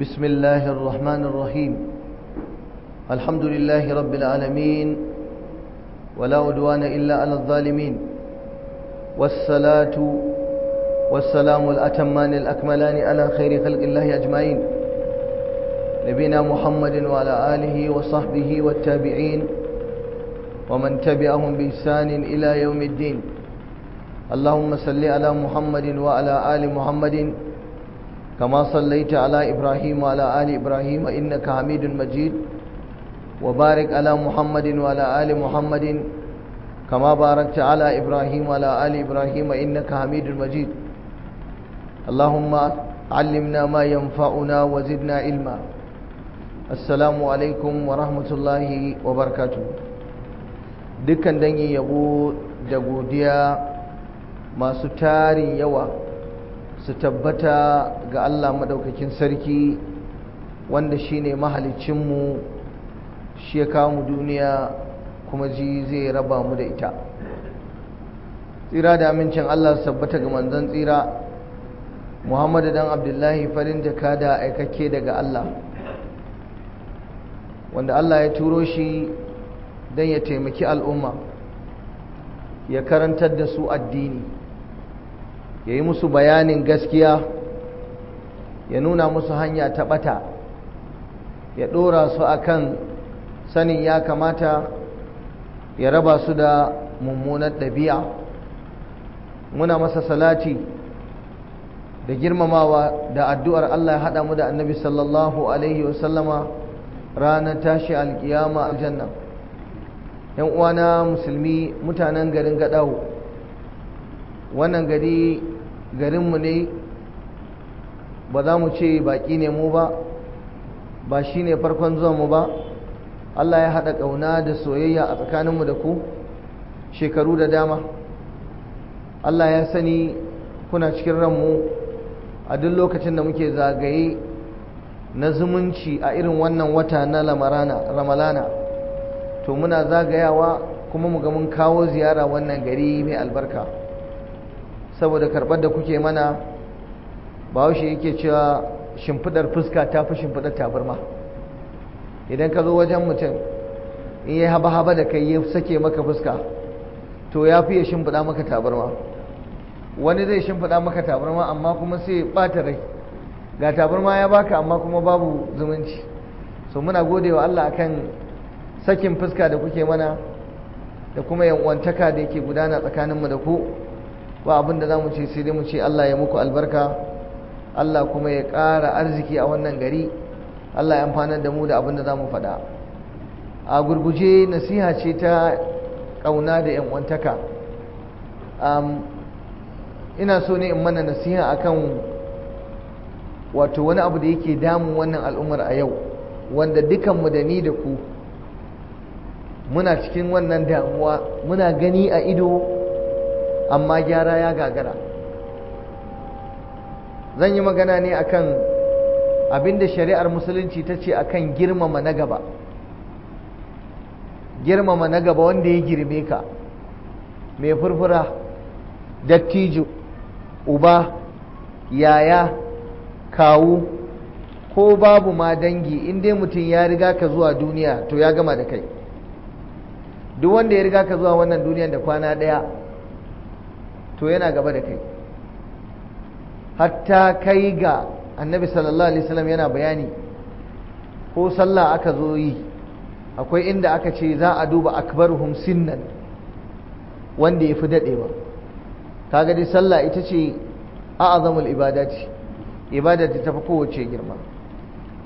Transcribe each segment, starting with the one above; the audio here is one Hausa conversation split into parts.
بسم الله الرحمن الرحيم الحمد لله رب العالمين ولا عدوان إلا على الظالمين والصلاة والسلام الأتمان الأكملان على خير خلق الله أجمعين نبينا محمد وعلى آله وصحبه والتابعين ومن تبعهم بإحسان إلى يوم الدين اللهم صل على محمد وعلى آل محمد كما صليت على إبراهيم وعلى آل إبراهيم إنك حميد مجيد وبارك على محمد وعلى آل محمد كما باركت على إبراهيم وعلى آل إبراهيم إنك حميد مجيد اللهم علمنا ما ينفعنا وزدنا علما السلام عليكم ورحمة الله وبركاته دكا دنيا يبو دقوديا ما ستاري يوا su tabbata ga Allah madaukakin sarki wanda shi ne mahalicinmu shi ya kawo mu duniya kuma ji zai raba mu da ita tsira da amincin Allah su tabbata ga manzan tsira Muhammadu dan Abdullahi farin jaka da aikakke daga Allah wanda Allah ya turo shi don ya taimaki al'umma ya karantar da su addini ya yi musu bayanin gaskiya ya nuna musu hanya ta ɓata ya ɗora su akan sanin ya kamata ya raba su da mummunar ɗabi'a muna masa salati da girmamawa da addu'ar Allah ya haɗa mu da annabi sallallahu alaihi wasallama ranar tashi alkiyama aljanna yan uwana musulmi mutanen garin gadawo wannan gari garinmu ne ba za mu ce baƙi ne mu ba ba shi ne farkon mu ba Allah ya haɗa ƙauna da soyayya a tsakaninmu da ku shekaru da dama Allah ya sani kuna cikin ranmu a duk lokacin da muke zagaye na zumunci a irin wannan wata na ramalana to muna zagayawa kuma mu ga mun kawo ziyara wannan gari mai albarka saboda karɓar da kuke mana bahaushe yake cewa shimfiɗar fuska ta fi shimfiɗar tabarma idan ka zo wajen mutum in ya haba haba da kai ya sake maka fuska to ya fi ya shimfiɗa maka tabarma wani zai shimfiɗa maka tabarma amma kuma sai ɓata rai ga tabarma ya baka amma kuma babu zumunci so muna gode wa Allah akan sakin fuska da kuke mana da kuma yan'uwantaka da yake gudana tsakaninmu da ku ba abinda za mu ce sai dai mu ce Allah ya muku albarka Allah kuma ya ƙara arziki a wannan gari Allah ya amfanar da mu da abinda za mu faɗa a gurguje nasiha ce ta ƙauna da ‘yan'wantaka ina so ne in mana nasiha akan wato wani abu da yake damun wannan al'ummar a yau wanda dukanmu da ni da ku muna cikin wannan damuwa muna gani a ido amma gyara ya gagara zan yi magana ne akan abinda shari'ar musulunci ta ce akan girmama na gaba girmama na gaba wanda ya girme ka mai furfura dattijo uba yaya kawu ko babu ma dangi in dai mutum ya riga ka zuwa duniya to ya gama da kai duk wanda ya riga ka zuwa wannan duniyan da kwana daya. to yana gaba da kai hatta kai ga annabi sallallahu alaihi wasallam yana bayani ko sallah aka zo yi akwai inda aka ce za a duba akbaruhum sinnan wanda ya fi daɗewa kaga dai sallah ita ce a'azamul ibadati ibadati ta fi kowace girma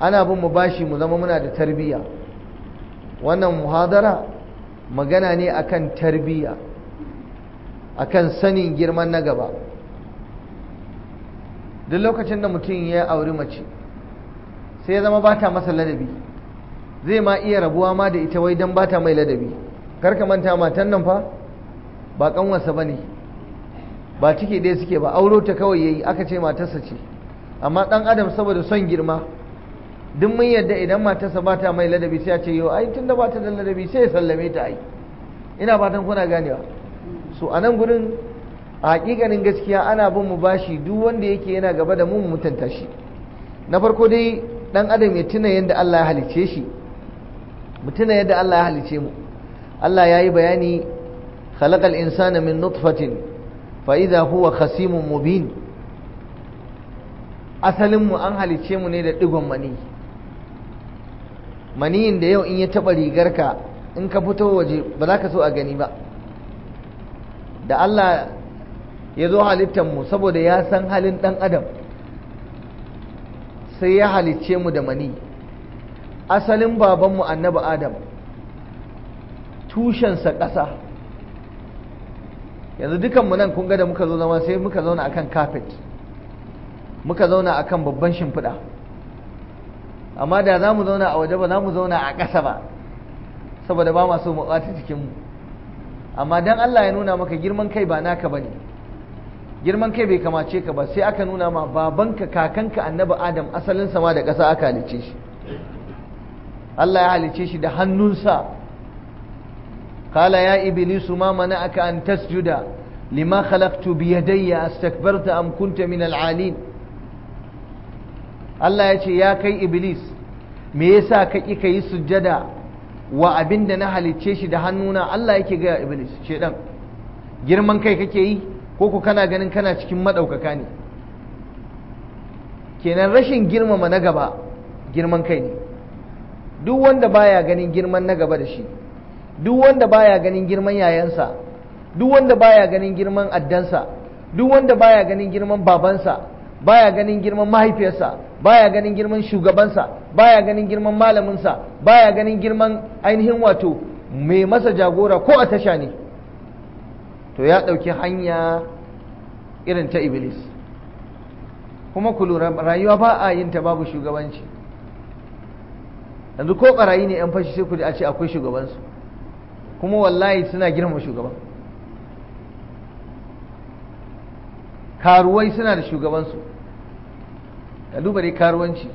ana bin mu bashi mu zama muna da tarbiyya wannan muhadara magana ne akan tarbiyya akan sanin girman na gaba duk lokacin da mutum ya auri mace sai ya zama ba ta masa ladabi zai ma iya rabuwa ma da ita wai don ba ta mai ladabi karka manta matan nan fa ba kanwarsa ba ne ba ciki ɗaya suke ba auro ta kawai yayi aka ce matarsa ce amma ɗan adam saboda son girma duk mun yadda idan matarsa ba ta mai ladabi sai ya ce yau ai tun da ba ta da ladabi sai ya sallame ta ai ina fatan kuna ganewa so a nan gurin a hakikanin gaskiya ana bin mu bashi duk wanda yake yana gaba da mun mutunta shi na farko dai dan adam ya tuna yadda Allah ya halice shi mu tuna yadda Allah ya halice mu Allah ya yi bayani khalaqal insana min nutfatin fa idha huwa khasimun mubin asalin mu an halice mu ne da digon mani maniyin da yau in ya taba rigarka in ka fito waje ba za ka so a gani ba da Allah ya zo halittar mu saboda ya san halin ɗan adam sai ya halicce mu da mani asalin babanmu annabi adam tushensa ƙasa yanzu dukanmu nan kun ga da muka zo zama sai muka zauna akan kafet muka zauna akan babban shimfiɗa amma da za mu zauna a waje ba za mu zauna a ƙasa ba saboda ba masu mu ɓata jikinmu amma dan Allah ya nuna maka girman kai ba naka bane girman kai bai kamace ka ba sai aka nuna ma babanka kakanka annabi adam asalin sama da ƙasa aka halice shi Allah ya halice shi da hannunsa kala ya iblisu ma mana'aka an tasjuda lima khalaqtu bi yadayya astakbarta am kunta min al'alin Allah ya ce ya kai iblis me yasa ka ki kai sujjada wa abin da na halicce shi da hannuna Allah yake gaya iblis shedan girman kai kake yi ko ku kana ganin kana cikin madaukaka ne kenan rashin girmama na gaba girman kai ne duk wanda baya ganin girman na gaba da shi duk wanda baya ganin girman yayansa duk wanda baya ganin girman addansa duk wanda baya ganin girman babansa baya ganin girman mahaifiyarsa baya ganin girman shugabansa baya ganin girman malaminsa baya ganin girman ainihin wato mai masa jagora ko a tasha ne to ya ɗauki hanya irin ta iblis kuma ku lura rayuwa ba a yin ta babu shugabanci yanzu ko ɓarayi ne 'yan fashi sai ku a ce akwai shugabansu kuma wallahi suna girma shugaban karuwai suna da shugabansu ka duba dai karuwanci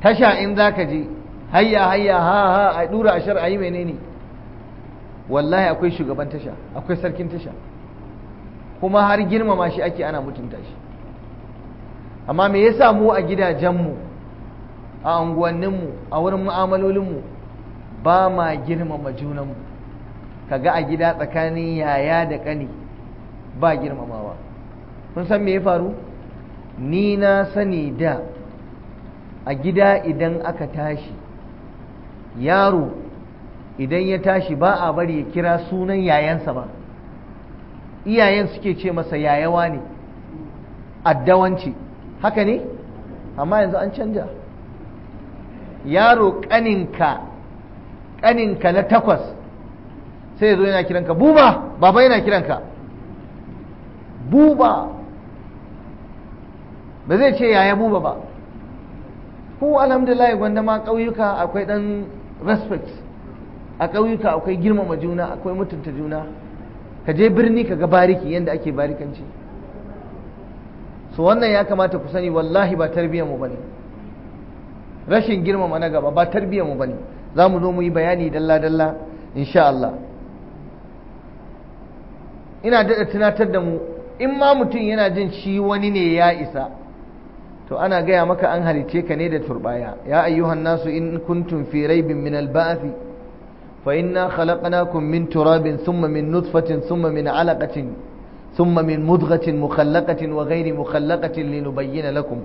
tasha in za ka je hayya hayya ha ha a dura a shar'a yi menene wallahi akwai shugaban tasha akwai sarkin tasha kuma har girmama shi ake ana mutunta shi amma me yasa mu a gidajen mu a unguwanninmu a wurin mu'amalolinmu ba ma girmama junanmu kaga a gida tsakanin yaya da kani ba girmamawa kun san me ya faru ni na sani da a gida idan aka tashi yaro idan ya tashi ba a bari ya kira sunan yayansa ba iyayen suke ce masa yayawa ne addawanci haka ne amma yanzu an canja yaro ƙaninka ƙaninka na takwas sai ya zo yana kiranka buba baba yana kiranka buba ba zai ce yaya mu ba ba ko alhamdulillah gwanda ma ƙauyuka akwai ɗan respect a ƙauyuka akwai girmama juna akwai mutunta juna ka je birni ka ga bariki yadda ake barikanci su wannan ya kamata ku sani wallahi ba tarbiyyar mu bane rashin girmama na gaba ba tarbiyyar mu bane za mu zo mu yi bayani dalla dalla insha Allah ina daɗa tunatar da mu in ma mutum yana jin shi wani ne ya isa to ana gaya maka an halice ka ne da turbaya ya ayyuhan nasu in kuntum fi raibin min al fa inna khalaqnakum min turabin thumma min nutfatin thumma min 'alaqatin thumma min mudghatin mukhallaqatin wa ghayri mukhallaqatin linubayyana lakum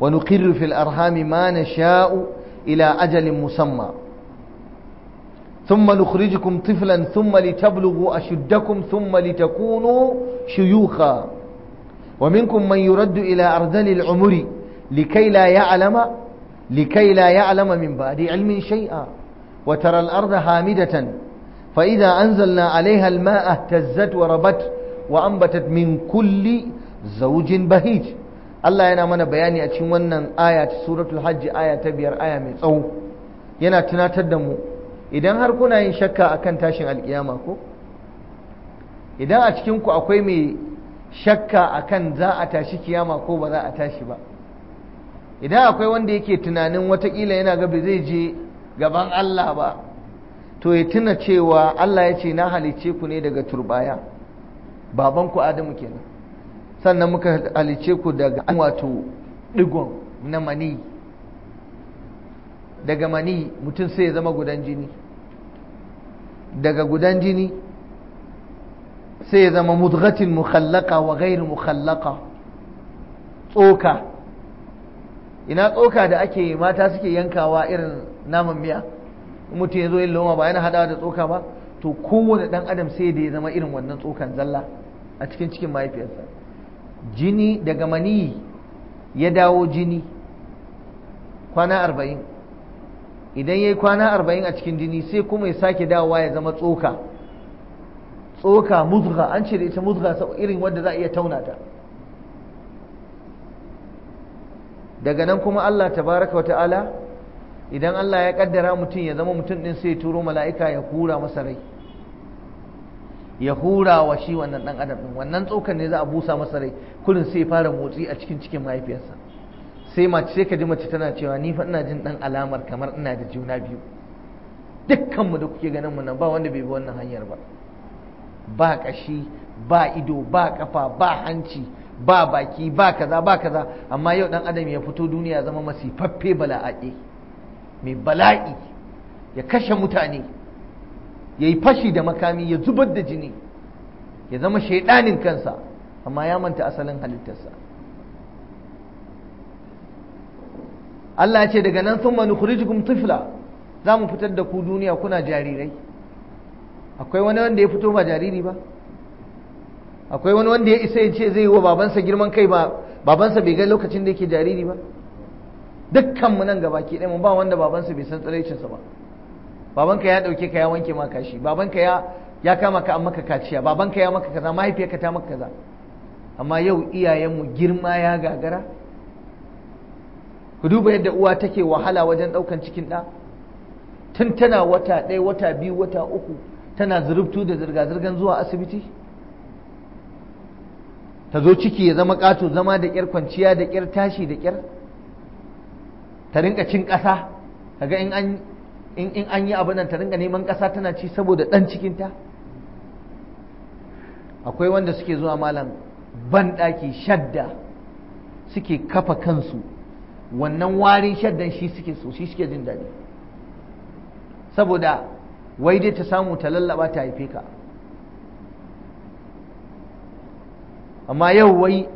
wa nuqirru fil arhami ma nasha'u ila ajalin musamma ثم نخرجكم طفلا ثم لتبلغوا أشدكم ثم لتكونوا شيوخا ومنكم من يرد إلى أرذل العمر لكي لا يعلم لكي لا يعلم من بعد علم شيئا وترى الأرض هامدة فإذا أنزلنا عليها الماء اهتزت وربت وأنبتت من كل زوج بهيج Allah yana mana bayani a cikin wannan aya ta hajji aya ta biyar aya mai tsawo yana tunatar da mu idan har kuna yin shakka akan tashin alkiyama ko idan a cikin ku akwai mai shakka akan za a tashi kiyama ko ba za a tashi ba idan akwai wanda yake tunanin watakila yana ga zai je gaban Allah ba to ya tuna cewa Allah ya ce na halicce ku ne daga turbaya Baban ku Adamu kenan sannan muka halicce ku daga wato digon na mani daga mani mutum sai ya zama gudan jini daga gudan jini sai ya zama mudghatin mukhallaka wa ghairu mukhallaka tsoka ina tsoka da ake mata suke yankawa irin naman miya mutum ya zo yin loma ba yana hadawa da tsoka ba to kowane dan adam sai da ya zama irin wannan tsokan zalla a cikin cikin mahaifiyarsa jini daga mani ya dawo jini kwana arba'in idan ya yi kwana arba'in a cikin jini sai kuma ya sake dawowa ya zama tsoka tsoka muzga an ce da ita muzga irin wanda za a iya tauna ta daga nan kuma Allah Ta baraka wa ta'ala idan Allah ya kaddara mutum ya zama mutum din sai turo mala'ika ya hura masa rai ya hura wa shi wannan dan adam din wannan tsokan ne za a busa masa rai kullun sai fara motsi a cikin cikin mahaifiyarsa sai mace sai ka ji mace tana cewa ni fa ina jin dan alamar kamar ina da juna biyu dukkan mu da kuke ganin mu nan ba wanda bai bi wannan hanyar ba ba ƙashi ba ido ba ƙafa, ba hanci ba baki ba kaza ba kaza amma yau dan adam ya fito duniya zama masifaffe bala'aƙe mai bala'i ya kashe mutane ya yi fashi da makami ya zubar da jini ya zama shaidanin kansa amma ya manta asalin halittarsa Allah ya ce daga nan sun manu tufla za mu fitar da ku duniya kuna jarirai akwai wani wanda ya fito ba jariri ba akwai wani wanda ya isa ya ce zai yi wa babansa girman kai ba babansa bai ga lokacin da yake jariri ba dukkan mu nan gaba ke ɗaya ba wanda babansa bai san tsiraicinsa ba babanka ya ɗauke ka ya wanke ma kashi babanka ya ya kama ka an maka kaciya babanka ya maka kaza mahaifiyarka ta maka kaza amma yau iyayenmu girma ya gagara ku duba yadda uwa take wahala wajen ɗaukan cikin ɗa tun tana wata ɗaya wata biyu wata uku tana zurubtu da zirga-zirgan zuwa asibiti ta zo ciki ya zama ƙato zama da ƙyar kwanciya da ƙyar tashi da ƙyar ta rinka cin ƙasa kaga in in an yi abin ta rinka neman ƙasa tana ci saboda ɗan cikinta akwai wanda suke zuwa malam ban shadda suke kafa kansu wannan warin shaddan shi suke so shi suke jin daɗi saboda wai dai ta samu ta lallaba ta haife ka amma yau wai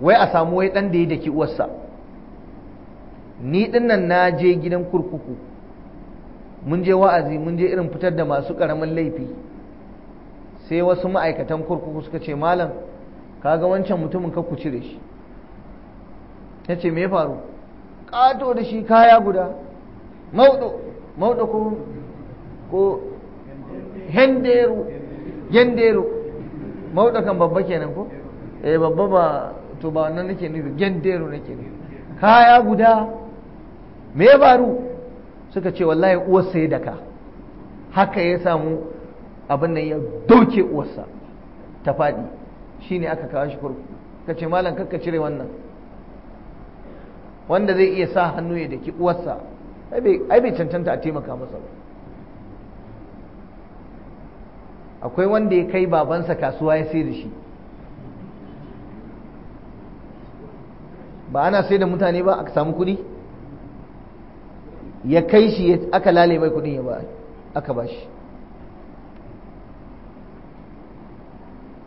wai a samu wai ɗan da ya daki uwarsa ni dinnan na je gidan kurkuku mun je wa'azi mun je irin fitar da masu ƙaramin laifi sai wasu ma'aikatan kurkuku suka ce malam kaga wancan mutumin ka ku cire shi ya ce me faru ƙato da shi kaya guda mauɗo ko ko henderu genderu kan babba kenan ko eh babba ba to ba wannan nake nufi genderu nake ne kaya guda me ya faru suka ce wallahi uwarsa ya daka haka ya samu abin nan ya dauke uwarsa ta faɗi shine aka kawo shi kurkuku ka ce malam kakka cire wannan wanda zai iya sa hannu ya daki uwarsa ai bai cancanta a taimaka masa ba akwai wanda ya kai babansa kasuwa ya sai da shi ba ana sai da mutane ba aka samu kudi ya kai shi aka lale mai kudin ya ba aka ba shi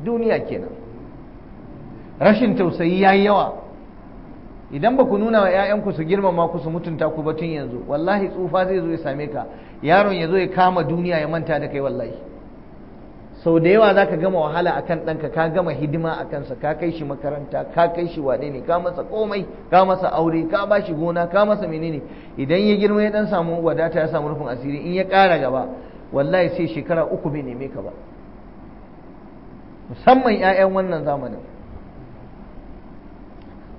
duniya kenan rashin tausayi ya yi yawa idan ba ku nuna wa 'ya'yanku su girmama ku su mutunta ku batun yanzu wallahi tsufa zai zo ya same ka yaron ya zo ya kama duniya ya manta da kai wallahi sau da yawa za ka gama wahala akan ɗanka ka gama hidima a kansa ka kai shi makaranta ka kai shi waɗe ne ka masa komai ka masa aure ka ba shi gona ka masa menene idan ya girma ya dan samu wadata ya samu rufin asiri in ya ƙara gaba wallahi sai shekara uku bai neme ka ba musamman 'ya'yan wannan zamanin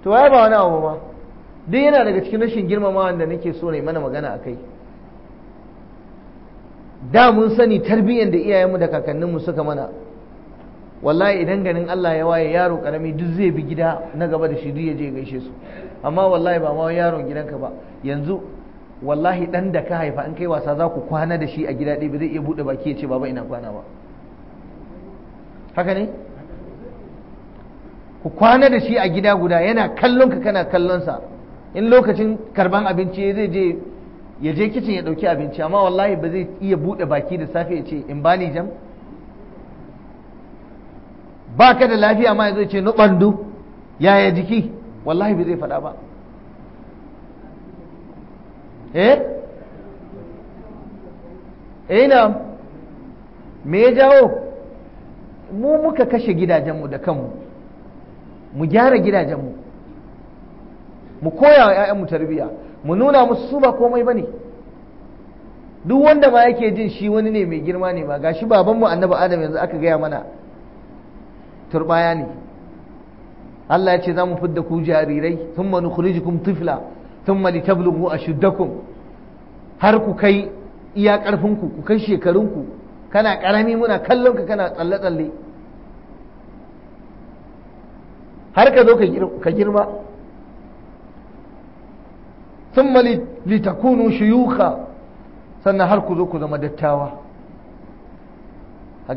to ya ba wani abu ba duk yana daga cikin rashin girmamawa da nake so ne mana magana a kai da mun sani tarbiyyar da iyayenmu da kakanninmu suka mana wallahi idan ganin Allah ya waye yaro karami duk zai bi gida na gaba da shi duk ya je gaishe su amma wallahi ba ma yaron gidanka ba yanzu wallahi dan da ka haifa in kai wasa za ku kwana da shi a gida ɗaya ba zai iya buɗe baki ya ce baba ina kwana ba haka ne ku kwana da shi a gida guda yana kallon ka kana kallon sa in lokacin karban abinci zai je ya je kicin ya ɗauki abinci amma wallahi ba zai iya buɗe baki da safe ya ce in bani jam ba ka da lafiya ma ya zai ce nuɓandu yaya jiki wallahi ba zai faɗa ba eh ina eh, me ya jawo mu muka kashe gidajenmu da kanmu mu gyara gidajenmu mu koya wa 'ya'yanmu tarbiyya mu nuna musu su ba komai ba ne. duk wanda ma yake jin shi wani ne mai girma ne ga gashi babanmu annabi adam yanzu aka gaya mana turbaya ne Allah ya ce za mu fidda ku jarirai thumma nukhrijukum tifla thumma litablughu ashuddakum har ku kai iya ƙarfinku ku kai shekarunku kana karami muna kallon ka kana tsalle tsalle har ka zo ka girma thumma litakunu shuyukha sannan har ku zo ku zama dattawa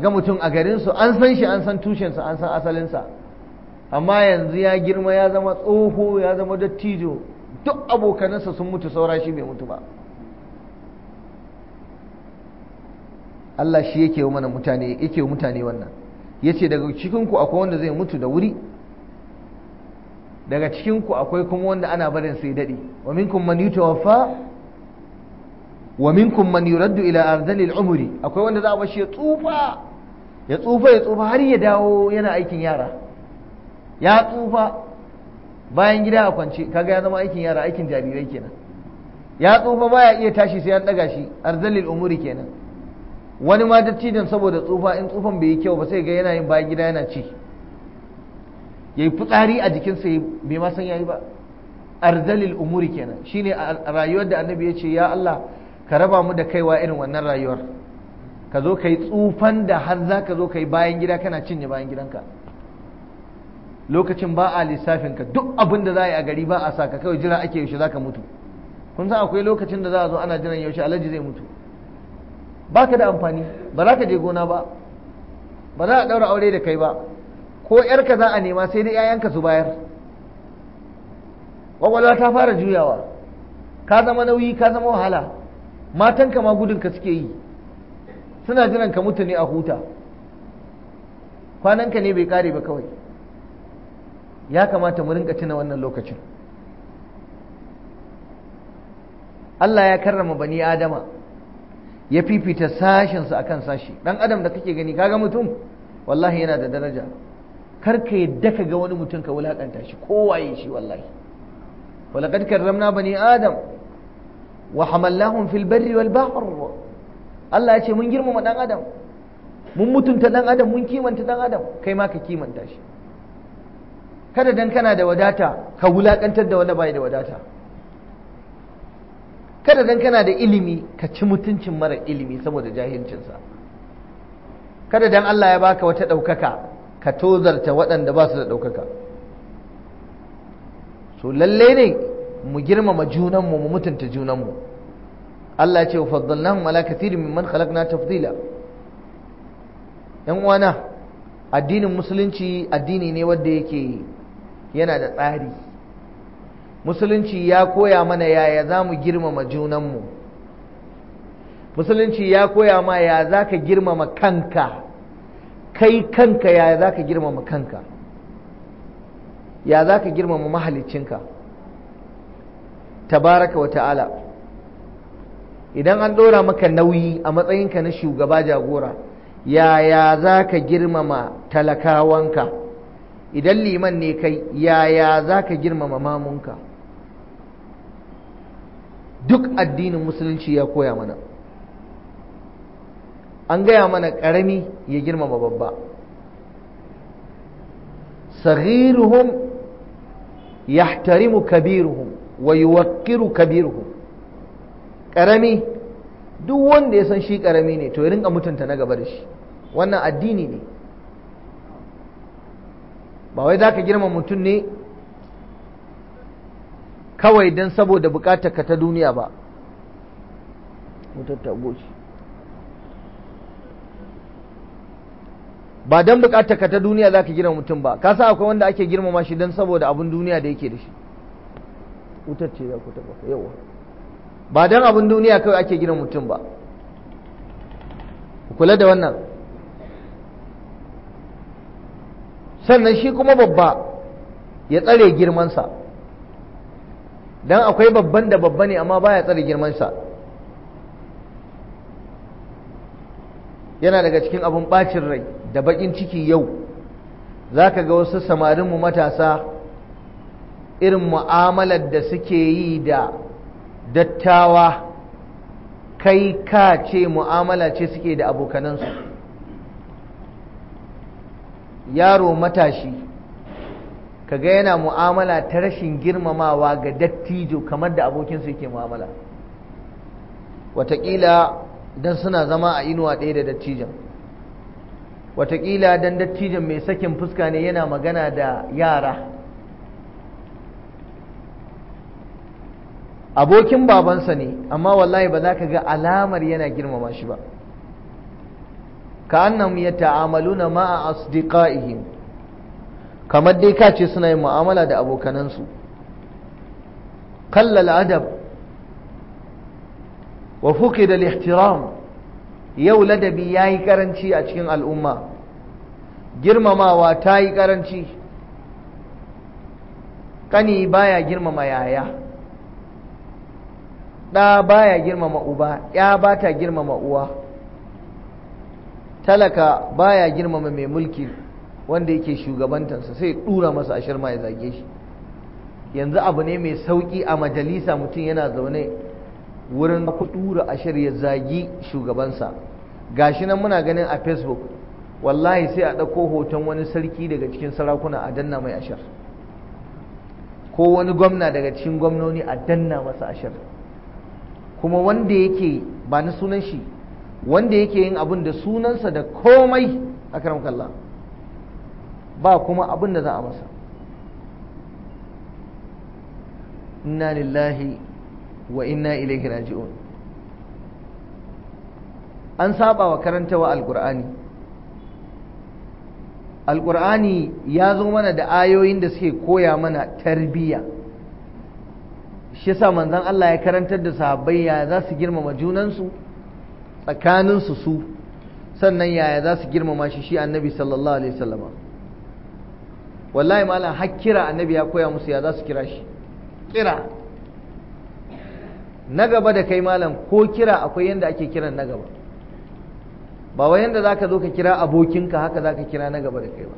ga mutum a garinsu an san shi an san tushensa an san asalinsa amma yanzu ya girma ya zama tsoho ya zama dattijo duk abokanansa sun mutu saura shi bai mutu ba Allah shi yake wa mana mutane yake wa mutane wannan yace daga cikinku akwai wanda zai mutu da wuri daga cikin ku akwai kuma wanda ana barin sai dadi wa minkum man yutawaffa wa minkum man yuraddu ila arzalil umri akwai wanda za a bashi ya tsufa ya tsufa ya tsufa har ya dawo yana aikin yara ya tsufa bayan gida a kwance kaga ya zama aikin yara aikin jarirai kenan ya tsufa baya iya tashi sai an daga shi arzalil umuri kenan wani ma dattijan saboda tsufa in tsufan bai yi kyau ba sai ga yana yin bayan gida yana ci yayi fitsari a jikinsa bai ma ya yayi ba arzalil umuri kenan shine rayuwar da annabi ya ce ya Allah ka raba mu da kaiwa irin wannan rayuwar ka zo ka yi tsufan da har za ka zo ka yi bayan gida kana cinye bayan gidanka lokacin ba a lissafinka duk abin da za a yi a gari ba a sa ka kawai jira ake yaushe za ka mutu kun san akwai lokacin da za a zo ana jiran yaushe alhaji zai mutu ba ka da amfani ba za ka je gona ba ba za a ɗaura aure da kai ba ko yarka za a nema sai dai 'ya'yanka su bayar kwakwalwa ta fara juyawa ka zama nauyi ka zama wahala matanka ma gudunka suke yi suna jiran ka mutu ne a huta kwananka ne bai kare ba kawai ya kamata mu rinka tuna wannan lokacin Allah ya karrama bani adama ya fifita sashensu akan sashi dan adam da kake gani kaga mutum wallahi yana da daraja kar ka yadda ka ga wani mutum ka wulaƙanta shi kowaye shi wallahi walaqad karramna bani adam wa hamallahum fil barri wal bahr Allah ya ce mun girmama dan adam mun mutunta dan adam mun kimanta dan adam kai ma ka kimanta shi kada dan kana da wadata ka wulaƙantar da wanda bai da wadata kada dan kana da ilimi ka ci mutuncin mara ilimi saboda jahilcinsa kada dan Allah ya baka wata ɗaukaka ka tozarta waɗanda ba su da ɗaukaka so lalle ne mu girmama junanmu mu mutunta junanmu Allah ce faddalnahum ala kathirin mimman khalaqna tafdila yan uwana addinin musulunci addini ne wanda yake yana da tsari musulunci ya koya mana yaya za mu girmama junanmu musulunci ya koya ma ya za ka girmama kanka kai kanka yaya za ka girmama kanka ya za ka girmama mahalicinka tabaraka wa ta'ala idan an ɗora maka nauyi a matsayinka na shugaba jagora yaya za ka girmama talakawanka idan liman ne kai yaya za ka girmama mamunka duk addinin musulunci ya koya mana an gaya mana ƙarami ya girmama babba saghiruhum yahtarimu kabiruhum wa yuwakkiru kabiruhum ƙarami duk wanda ya san shi ƙarami ne to ya rinka mutunta na gaba da shi wannan addini ne ba wai za ka girma mutum ne kawai dan saboda bukatar ka ta duniya ba mutunta goshi ba don bukatar ka ta duniya za ka gina mutum ba ka sa akwai wanda ake girmama shi don saboda abin duniya da yake da shi wutar ce za ku taba yawa ba don abin duniya kawai ake gina mutum ba kula da wannan sannan shi kuma babba ya tsare girmansa don akwai babban da babba ne amma baya tsare girmansa yana daga cikin abin bacin rai da bakin ciki yau za ka ga wasu samarinmu matasa irin mu'amalar da suke yi da dattawa kai ka ce mu'amala ce suke da abokanansu yaro matashi kaga yana mu'amala ta rashin girmamawa ga dattijo kamar da abokinsu yake mu'amala watakila don suna zama a inuwa ɗaya da dattijan watakila dan dattijan mai sakin fuska ne yana magana da yara abokin babansa ne amma wallahi ba za ka ga alamar yana girmama shi ba ka annam ya na ma'a asdiqaihim kamar dai ka ce suna yin mu'amala da abokanansu kallal adab wa fuqida da ihtiram yau ladabi ya yi karanci a cikin al'umma girmamawa ta yi karanci ƙani baya girmama yaya ɗa baya girmama uba ya ba ta girmama uwa talaka baya girmama mai mulki wanda yake shugabantansa sai ɗura masa ashirma ya zage shi yanzu abu ne mai sauƙi a majalisa mutum yana zaune wurin kudura ashir ya zagi shugabansa gashi nan muna ganin a facebook wallahi sai a ɗauko hoton wani sarki daga cikin sarakuna a danna mai ashir ko wani gwamna daga cikin gwamnoni a danna masa ashir kuma wanda yake ba na sunan shi wanda yake yin abin da sunansa da komai a kalla ba kuma abin da za a masa inna lillahi wa inna ilaihi raji'un an saba wa karantawa alqur'ani alqur'ani ya zo mana da ayoyin da suke koya mana tarbiyya shi yasa manzon Allah ya karantar da sahabbai ya za su girmama junansu tsakanin su sannan yaya za su girmama shi shi annabi sallallahu alaihi wallahi malam har annabi ya koya musu ya za su kira shi kira na gaba da kai malam ko kira akwai yanda ake kiran na gaba ba wa yanda ka zo ka kira abokinka haka za ka kira na gaba da kai ba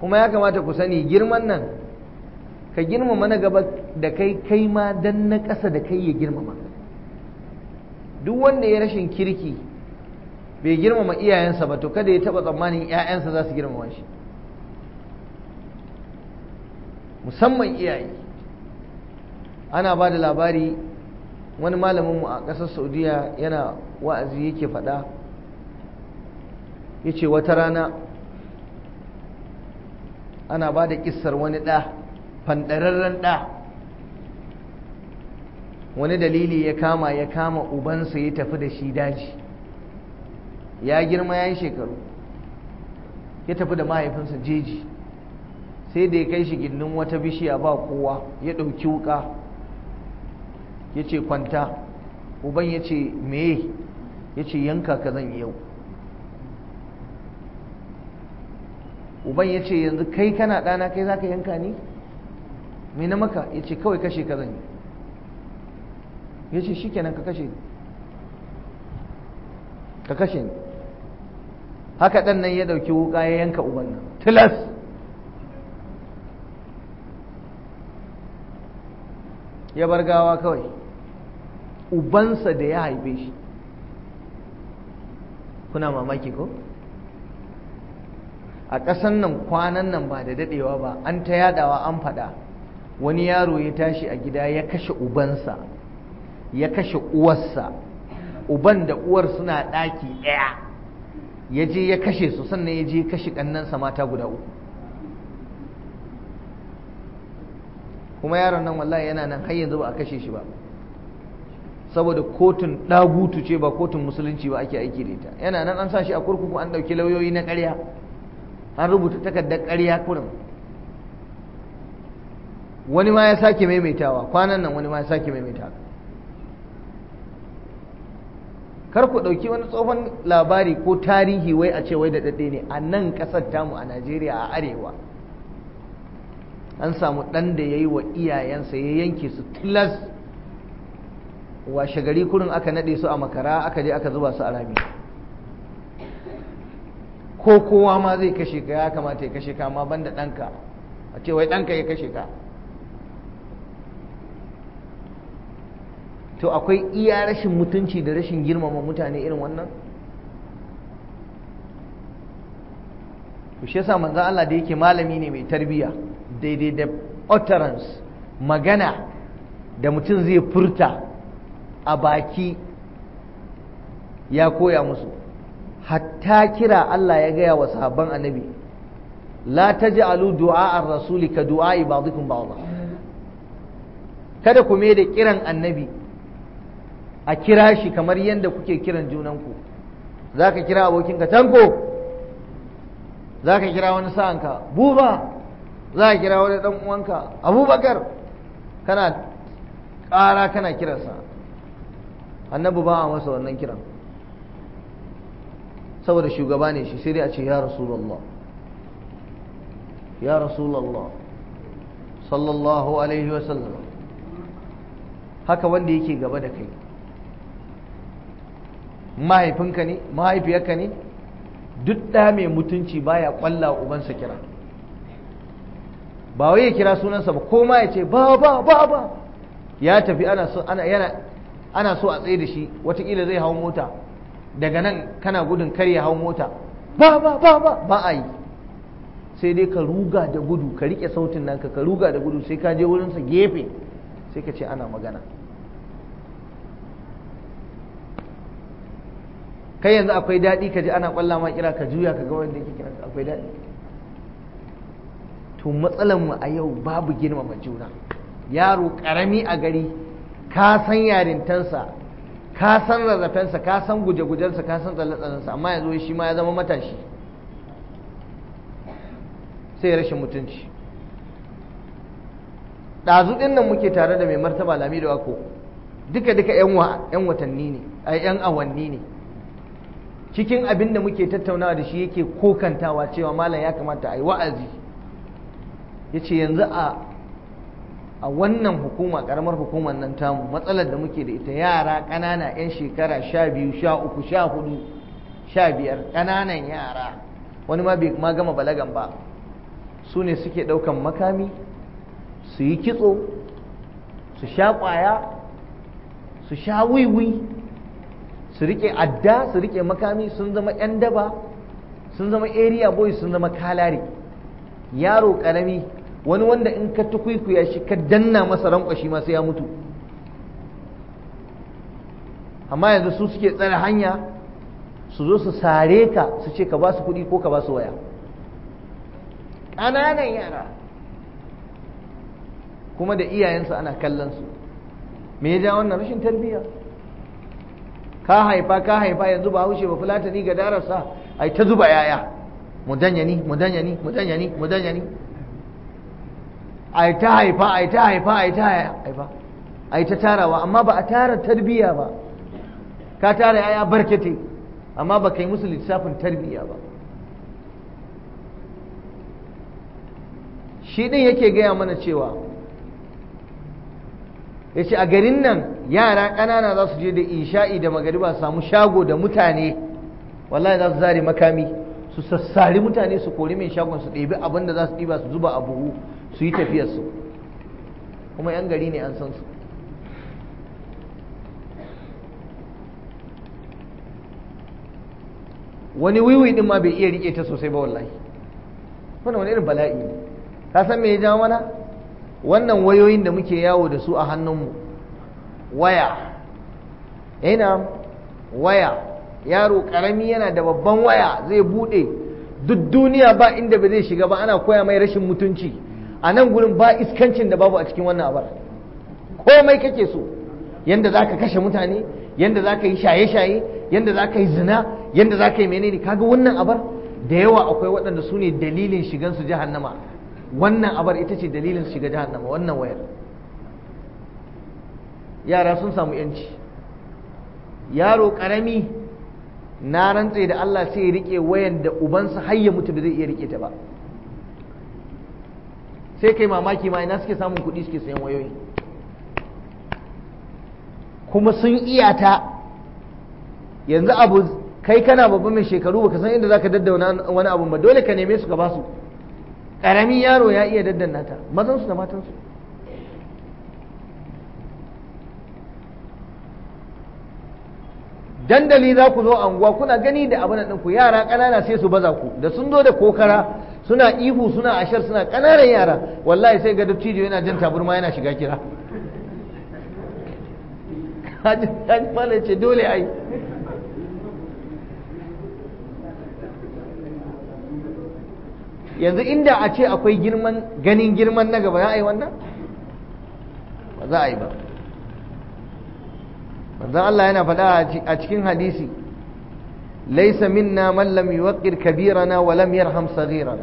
kuma ya kamata ku sani girman nan ka girmama na gaba da kai kai ma dan na ƙasa da kai ya girmama duk wanda ya rashin kirki bai girmama iyayensa ba to kada ya taba tsammanin 'ya'yansa za su girmama shi musamman iyaye ana ba da labari wani malaminmu a ƙasar saudiya yana wa'azi yake faɗa ya ce wata rana ana ba da ƙisar wani ɗa fandararren ɗa wani dalili ya kama ya kama ubansa ya tafi da shi daji ya girma ya yi shekaru ya tafi da mahaifinsa jeji sai da ya kai shi gindin wata bishiya ba kowa ya ɗauki wuka yace kwanta uban yace meye yace yanka ka zan yau uban yace yanzu kai kana dana kai zaka yanka ni me na maka yace kawai kashe ka zan yi yace shikenan ka kashe ka kashe ni haka ɗan nan ya ɗauki wuƙa ya yanka uban nan tilas ya bar gawa kawai ubansa da ya haife shi kuna mamaki ko a ƙasan nan kwanan nan ba da daɗewa ba an ta yadawa an faɗa wani yaro ya tashi a gida ya kashe ubansa ya kashe uwarsa uban da uwar suna ɗaki ɗaya ya je ya kashe su sannan ya je kashe ƙannansa mata guda uku kuma yaron nan wallahi yana nan har yanzu ba a kashe shi ba saboda kotun ɗagutu ce ba kotun musulunci ba ake aiki da ita yana nan an sa shi a kurkuku an ɗauki lauyoyi na ƙarya an rubuta takardar ƙarya kurin wani ma ya sake maimaitawa kwanan nan wani ma ya sake maimaitawa kar ku ɗauki wani tsohon labari ko tarihi wai a ce wai da daɗe ne a nan ƙasar tamu a najeriya a arewa an samu ɗan da ya yi wa iyayensa ya yanke su tilas washe gari kurin aka nade su a makara aka je aka zuba su a rami ko kowa ma zai kashe ka ya kamata ya kashe ka ma banda ɗanka a ce wai ɗanka ya kashe ka to akwai iya rashin mutunci da rashin girmama mutane irin wannan shi yasa manzan Allah da yake malami ne mai tarbiya daidai da utterance magana da mutum zai furta a baki ya koya musu hatta kira Allah ya gaya wa sahabban annabi la taj'alu du'a ar-rasuli ka du'a ba'dikum ba'dha kada ku mai da kiran annabi a kira shi kamar yadda kuke kiran junanku zaka kira abokinka tanko zaka kira wani sa'anka buba zaka kira wani dan uwanka abubakar kana ƙara kana kiransa annabi ba a masa wannan kiran saboda shugaba ne shi sai dai a ce ya rasulullah ya rasulullah sallallahu alaihi wasallam haka wanda yake gaba da kai mahaifinka ne mahaifiyarka ne duk ɗa mai mutunci baya kwalla ubansa kira ba wai ya kira sunansa ba ko ma ya ce ba ba ba ba ya tafi ana yana ana so a tsaye da shi watakila zai hau mota daga nan kana gudun kar ya hau mota ba ba ba ba ba a yi sai dai ka ruga da gudu ka rike sautin naka ka ruga da gudu sai ka je wurinsa gefe sai ka ce ana magana kai yanzu akwai daɗi ka ji ana ƙwalla ma kira ka juya ka ga wanda yake kira akwai daɗi to matsalar mu a yau babu girmama juna yaro ƙarami a gari ka san yarintansa ka san rarrafensa ka san guje-gujensa ka san tsalle-tsallensa amma yanzu shi ma ya zama matashi sai rashin mutunci ɗazu ɗin nan muke tare da mai martaba lami da wako duka-duka 'yan watanni ne a 'yan awanni ne cikin abin da muke tattaunawa da shi yake kokantawa cewa malam ya kamata a yi wa'azi ya ce yanzu a a wannan hukuma karamar hukumar nan tamu matsalar da muke da ita yara ƙanana 'yan shekara sha biyu sha uku sha hudu sha biyar ƙananan yara wani ma bai ma gama balagan ba su ne suke ɗaukan makami su yi kitso su sha ƙwaya su sha wiwi su riƙe adda su riƙe makami sun zama 'yan daba sun zama area boy sun zama kalari yaro ƙarami wani wanda in ka tukwikuya shi ka danna masa rankwashi masu ya mutu amma yanzu su suke tsare hanya su zo su sare ka su ce ka ba su kuɗi ko ka ba su waya ƙananan yara kuma da iyayensu ana kallon su me ya ja wannan rashin tarbiyya ka haifa ka haifa yanzu ba haushe ba fulatani ga darasa ai ta zuba yaya mu danyani mu danyani mu danyani mu danyani a ta haifa a ta haifa a ta haifa a ta tarawa amma ba a tara tarbiyya ba ka tara yaya barkete amma ba ka yi musu lissafin tarbiyya ba shi ɗin yake gaya mana cewa ya ce a garin nan yara ƙanana za su je da isha'i da magariba samu shago da mutane wallahi za su zare makami su sassari mutane su kori mai shagon su ɗebi abin da za su ɗiba su zuba a buhu su yi tafiyarsu kuma 'yan gari ne an san su wani wiwi din ma bai iya riƙe ta sosai ba wallahi wannan wani irin bala'i ne ka san me ya mana wannan wayoyin da muke yawo da su a hannunmu waya yana eh, waya yaro karami yana da babban waya zai bude duk duniya ba inda ba zai shiga ba ana koya mai rashin mutunci a nan gurin ba iskancin da babu a cikin wannan abar komai kake so yanda za ka kashe mutane yanda za ka yi shaye-shaye yanda za ka yi zina yanda za ka yi menene kaga wannan abar da yawa akwai waɗanda su ne dalilin shigansu jahannama wannan abar ita ce dalilin shiga jahannama wannan wayar yara sun samu yanci yaro karami na rantse da Allah sai ya rike wayan da ubansa har ya mutu ba zai iya rike ta ba sai kai mamaki ma ina suke samun kuɗi suke sayan wayoyi kuma sun iya ta yanzu abu kai kana babban mai shekaru baka san inda zaka daddauna wani abu ba dole ka neme su ka basu karamin yaro ya iya daddanna ta mazan su da matan su dandali za ku zo anguwa kuna gani da abin na ku yara ƙanana sai su baza ku da sun zo da kokara suna ihu suna ashar suna ƙananan yara wallahi sai ga dattijo yana jan taburma yana shiga kira ce dole ai yanzu inda a ce akwai girman ganin girman na gaba za a yi wannan ba za a yi ba Allah yana faɗa a cikin hadisi laisa minna من لم يوقر kabirana ولم يرحم صغيرنا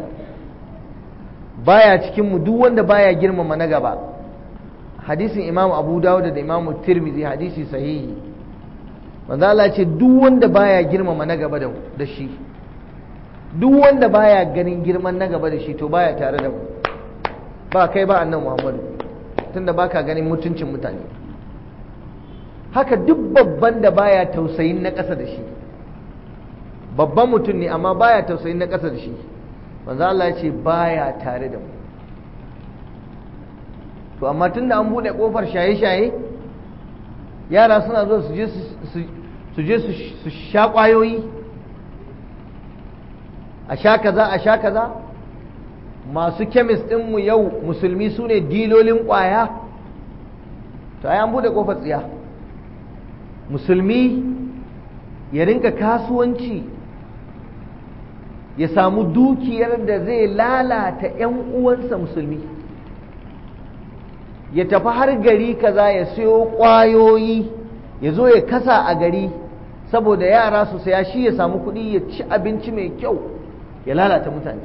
بايا cikin mu duk wanda baya girmama na gaba hadisin imam abu dawud da imam tirmidhi hadisi sahihi manzo Allah ce duk wanda baya girmama na gaba da shi duk wanda baya ganin girman na gaba da shi to baya tare da mu ba kai ba annabi muhammadu tunda baka ganin mutuncin mutane haka duk babban da baya tausayin na ƙasa da shi babban mutum ne amma baya tausayi na ƙasa shi wanzu Allah ya ce baya tare da mu to amma tunda an bude kofar shaye-shaye yara suna zo su je su sha kwayoyi a sha kaza a sha kaza masu kemis mu yau musulmi su ne dilolin kwaya to ai an bude kofar tsiya musulmi ya rinka kasuwanci ya samu dukiyar da zai lalata 'yan uwansa musulmi ya tafi har gari kaza ya siyo ƙwayoyi ya zo ya kasa a gari saboda yara su saya shi ya samu kuɗi ya ci abinci mai kyau ya lalata mutane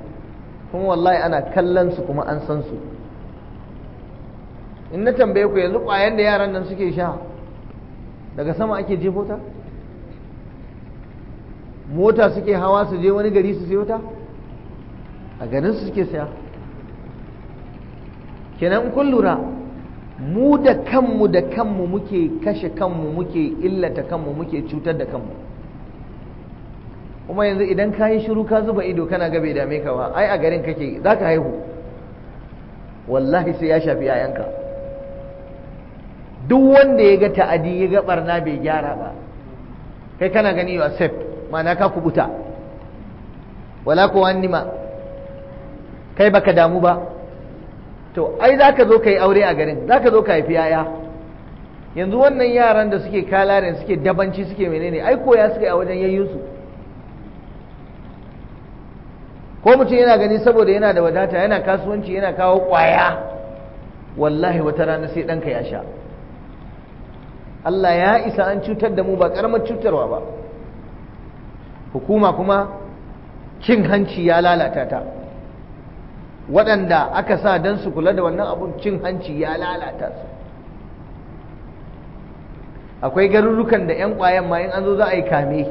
kuma wallahi ana kallon su kuma an san su in na tambaye ku yanzu ƙwayan da yaran nan suke sha daga sama ake jefota? ta mota suke hawa su je wani gari su sai a garin su suke saya kenan kun lura mu da kanmu da kanmu muke kashe kanmu muke illata kanmu muke cutar da kanmu kuma yanzu idan ka yi shiru ka zuba ido kana ga bai dame ka ba ai a garin kake za ka haihu wallahi sai ya shafi yayanka duk wanda ya ga ta'adi ya ga barna bai gyara ba kai kana gani a safe ma'ana ka kubuta wala ko nima kai baka damu ba to ai zaka zo yi aure a garin zaka zo ka haifi yaya yanzu wannan yaran da suke kalarin suke dabanci suke menene ai koya suke a wajen yayyinsu ko mutum yana gani saboda yana da wadata yana kasuwanci yana kawo kwaya wallahi wata rana sai ɗanka ya sha Allah ya isa an cutar da mu ba ƙaramar cutarwa ba hukuma kuma cin hanci ya lalata ta waɗanda aka sa don su kula da wannan abun cin hanci ya lalata su akwai garurrukan da 'yan ƙwayan ma in an zo za a yi kame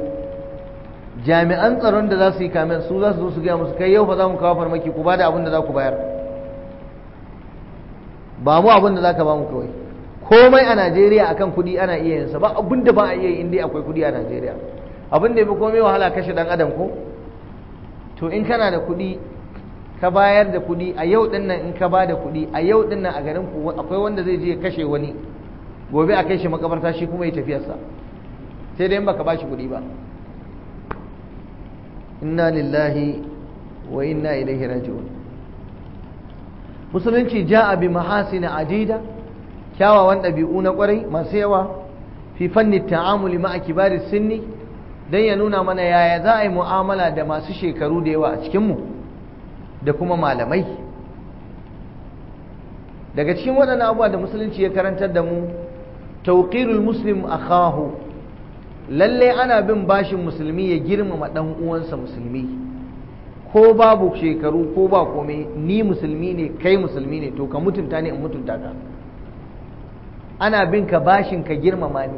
jami'an tsaron da za su yi kame su za su zo su gaya musu kai yau fa za mu kawo farmaki ku ba da abin da za ku bayar ba mu abin da za ka ba mu kawai komai a najeriya akan kudi ana iya yinsa ba abin da ba a iya yi in dai akwai kudi a najeriya abin da ya fi komai wahala kashe ɗan adam ko to in kana da kuɗi ka bayar da kuɗi a yau ɗin nan in ka ba da kuɗi a yau ɗin nan a garin ku akwai wanda zai je kashe wani gobe a kai shi makabarta shi kuma ya tafiyarsa sai dai in baka ba shi kuɗi ba inna lillahi wa inna ilaihi raji'un musulunci ja'a bi mahasina adida kyawawan ɗabi'u na kwarai, masu yawa fi fannin ta'amuli ma'a kibarin sinni don ya nuna mana yaya za a yi mu'amala da masu shekaru da yawa a cikinmu da kuma malamai daga cikin waɗannan abubuwa da musulunci ya karantar da mu tauƙirul muslim kawo? lallai ana bin bashin musulmi ya girmama ɗan uwansa musulmi ko babu shekaru ko ba komai ni musulmi ne kai musulmi ne to ka mutunta ne in mutunta ka ana bin ka bashin ka girmama ni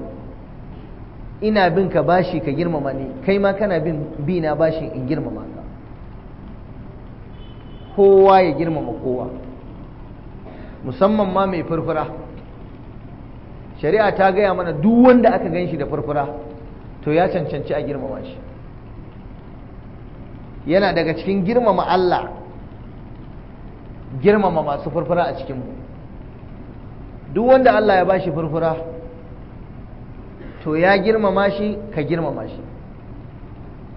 ina bin ka bashi ka girmama ni kai ma kana bin bina na bashi in girmama ka kowa ya girmama kowa musamman ma mai furfura shari'a ta gaya mana duk wanda aka ganshi shi da furfura to ya cancanci a girmama shi yana daga cikin girmama Allah girmama masu furfura a cikinmu duk wanda Allah ya bashi furfura to ya girmama shi ka girmama shi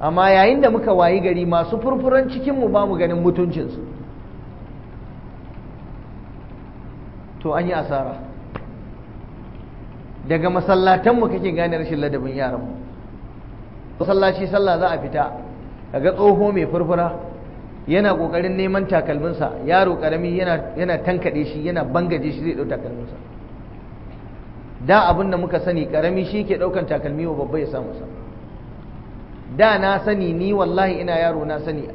amma yayin da muka wayi gari masu furfuran cikinmu ba mu ganin mutuncinsu to an yi asara daga masallatanmu kake gane rashin ladabin yaranmu masallaci sallah za a fita daga tsoho mai furfura yana ƙoƙarin neman takalminsa yaro ƙarami yana tankaɗe shi yana bangaje shi zai ɗau takalminsa da abin da muka sani karami shi ke ɗaukan takalmi wa babba ya samu sa da na sani ni wallahi ina yaro na sani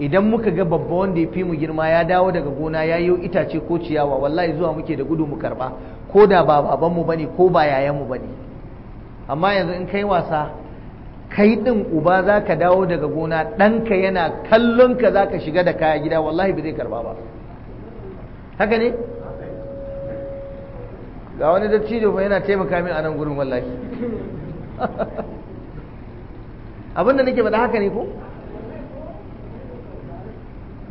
idan muka ga babba wanda ya fi mu girma ya dawo daga gona ya yi itace ko ciyawa wallahi zuwa muke da gudu mu karba ko da ba babanmu ba ne ko ba yayan mu bane amma yanzu in kai wasa kai ɗin uba zaka dawo daga gona ɗanka yana kallonka za ka shiga da kaya gida wallahi ba zai karba ba haka ne ga wani dattijo ba yana taimaka min a nan gurin wallahi abinda nake faɗa haka ne ko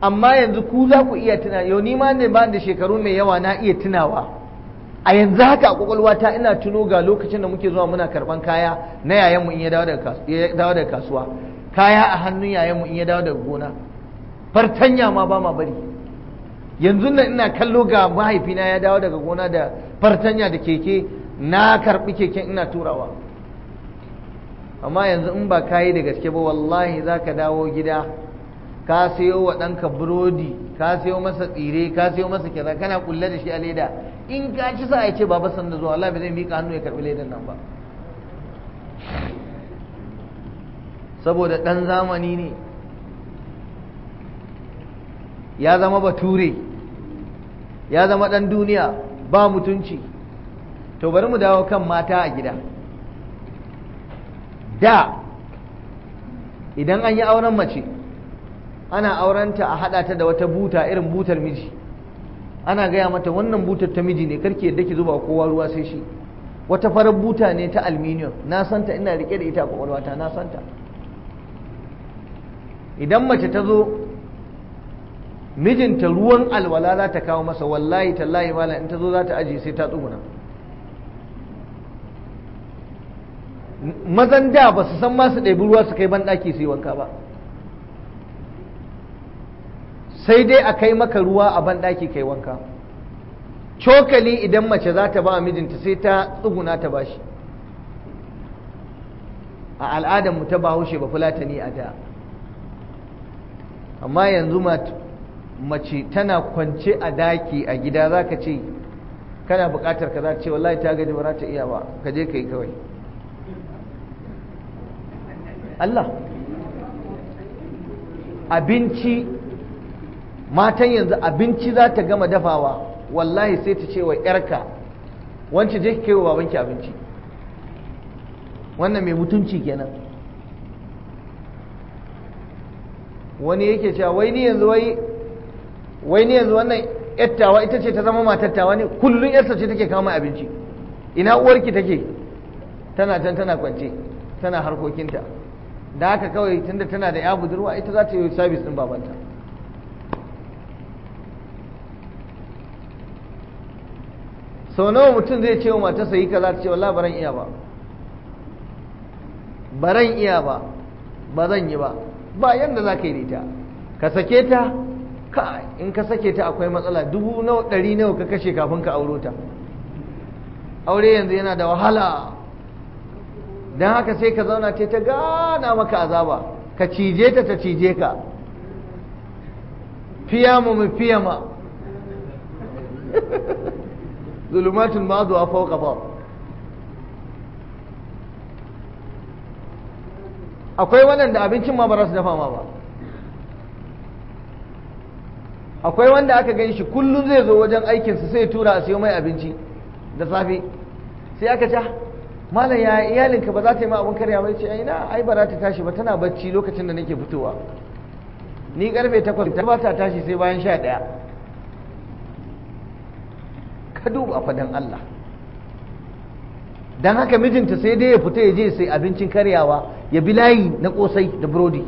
amma yanzu ku za ku iya tuna yau ni ma ne ba da shekaru mai yawa na iya tunawa a yanzu haka a kwakwalwa ta ina tuno ga lokacin da muke zuwa muna karban kaya na yayanmu in ya dawo daga kasuwa kaya a hannun yayanmu in ya dawo daga gona fartanya ma ba ma bari yanzu nan ina kallo ga mahaifina ya dawo daga gona da fartanya da keke na karbi keke ina turawa amma yanzu in ba kayi da gaske ba wallahi za ka dawo gida ka sayo wa ɗanka burodi ka sayo masa tsire ka sayo masa kaza kana kulle da shi a leda in ka ci sa ya ce baba sanda zuwa Allah zai miƙa hannu ya karɓi ledan nan ba saboda ɗan zamani ne ya zama bature ya zama ɗan duniya ba mutunci to bari mu dawo kan mata a gida da idan an yi auren mace ana aurenta a haɗa ta da wata buta irin butar miji ana gaya mata wannan butar ta miji ne karki yadda ki zuba kowa ruwa sai shi wata farar buta ne ta alminiyon. na santa ina rike da ita a na santa idan mace ta zo mijinta ruwan alwala za ta kawo masa wallahi tallahi mala in ta zo za ta aji sai ta tsuguna mazan da ba su san masu ɗabi ruwa su kai banɗaki su yi wanka ba sai dai a kai maka ruwa a banɗaki kai wanka cokali idan mace za ta ba a mijinta sai ta tsuguna ta bashi a al'adar mu ta bahaushe ba fulatani a da amma yanzu mace tana kwance a daki a gida za ka ce kana buƙatar ka za ce wallahi ta gaji ba za ta iya ba ka je ka yi kawai Allah abinci matan yanzu abinci za ta gama dafawa wallahi sai ta ce wa 'yarka wancan je ki kai wa babanki abinci wannan mai mutunci kenan wani yake cewa wai ni yanzu wai wai ni yanzu wannan yattawa ita ce ta zama matattawa ne kullum yarsa ce take kama abinci ina uwarki take tana can tana kwance tana harkokinta da haka kawai tunda tana da ya budurwa ita za ta yi sabis ɗin babanta sau nawa mutum zai ce wa matarsa yi kaza ta ce wallah baran iya ba baran iya ba ba zan yi ba ba yadda za ka yi ta, ka sake ta kai in ka sake ta akwai matsala dubu nawa ɗari nawa ka kashe kafin ka auro ta aure yanzu yana da wahala don haka sai ka zauna ce ta gana maka azaba ka cije ta ta cije ka Fiya mu ma zulumatun ma zuwa fauka ba akwai da abincin ma ba su dafa ma ba akwai wanda aka gan shi kullum zai zo wajen aikinsa sai tura a siyo mai abinci da safe sai aka ce ah, malam ya iyalinka ba za ta yi ma abin karya mai ce ai na ai ba za ta tashi ba tana bacci lokacin da nake fitowa ni karfe takwas ta ba ta tashi sai bayan sha ka duba fadan Allah dan haka mijinta sai dai ya fita ya je sai abincin karyawa ya bi layi na kosai da burodi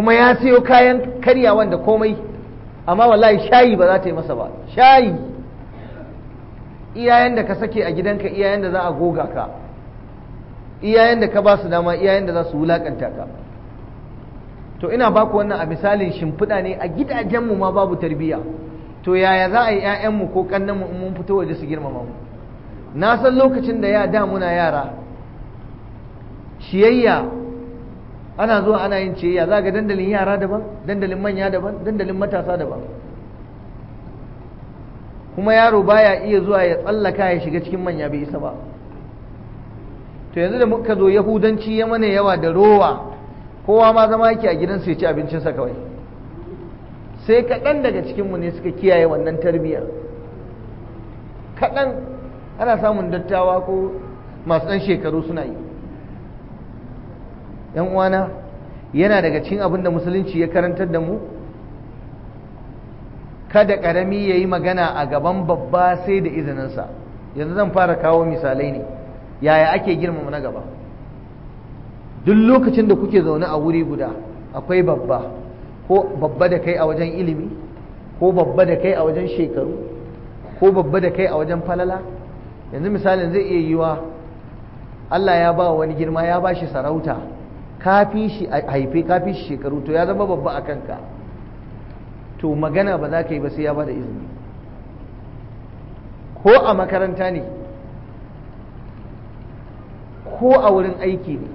kuma ya siyo kayan karyawan da komai amma wallahi shayi ba za ta yi masa ba shayi iyayen da ka sake a gidanka iyayen da za a goga ka iyayen da ka ba su dama iyayen da za su wulakanta ka to ina baku wannan a misalin shimfiɗa ne a gidajenmu ma babu tarbiyya to yaya za a yi 'ya'yanmu ko ƙannanmu in mun fito waje su girmama mu na san lokacin da ya da muna yara shiyayya. ana zuwa ana yin ciyayya za ga dandalin yara daban dandalin manya daban dandalin matasa daban kuma yaro baya iya zuwa ya tsallaka ya shiga cikin manya bai isa ba to yanzu da muka zo yahudanci ya mana yawa da rowa kowa ma zama yake a su ya ci abincinsa kawai sai kaɗan daga cikinmu ne suka kiyaye wannan tarbiyya kaɗan ana samun dattawa ko masu ɗan shekaru suna yi yan uwana yana daga cikin abin da musulunci ya karantar da mu kada karami ya yi magana a gaban babba sai da izininsa yanzu zan fara kawo misalai ne yaya ake girmama na gaba duk lokacin da kuke zaune a wuri guda akwai babba ko babba da kai a wajen ilimi ko babba da kai a wajen shekaru ko babba da kai a wajen falala yanzu misalin zai iya yiwa Allah ya ba wani girma ya ba shi sarauta ka fi shi haife ka shi shekaru to ya zama babba a kanka to magana ba za ka yi ba sai ya da izini ko a makaranta ne ko a wurin aiki ne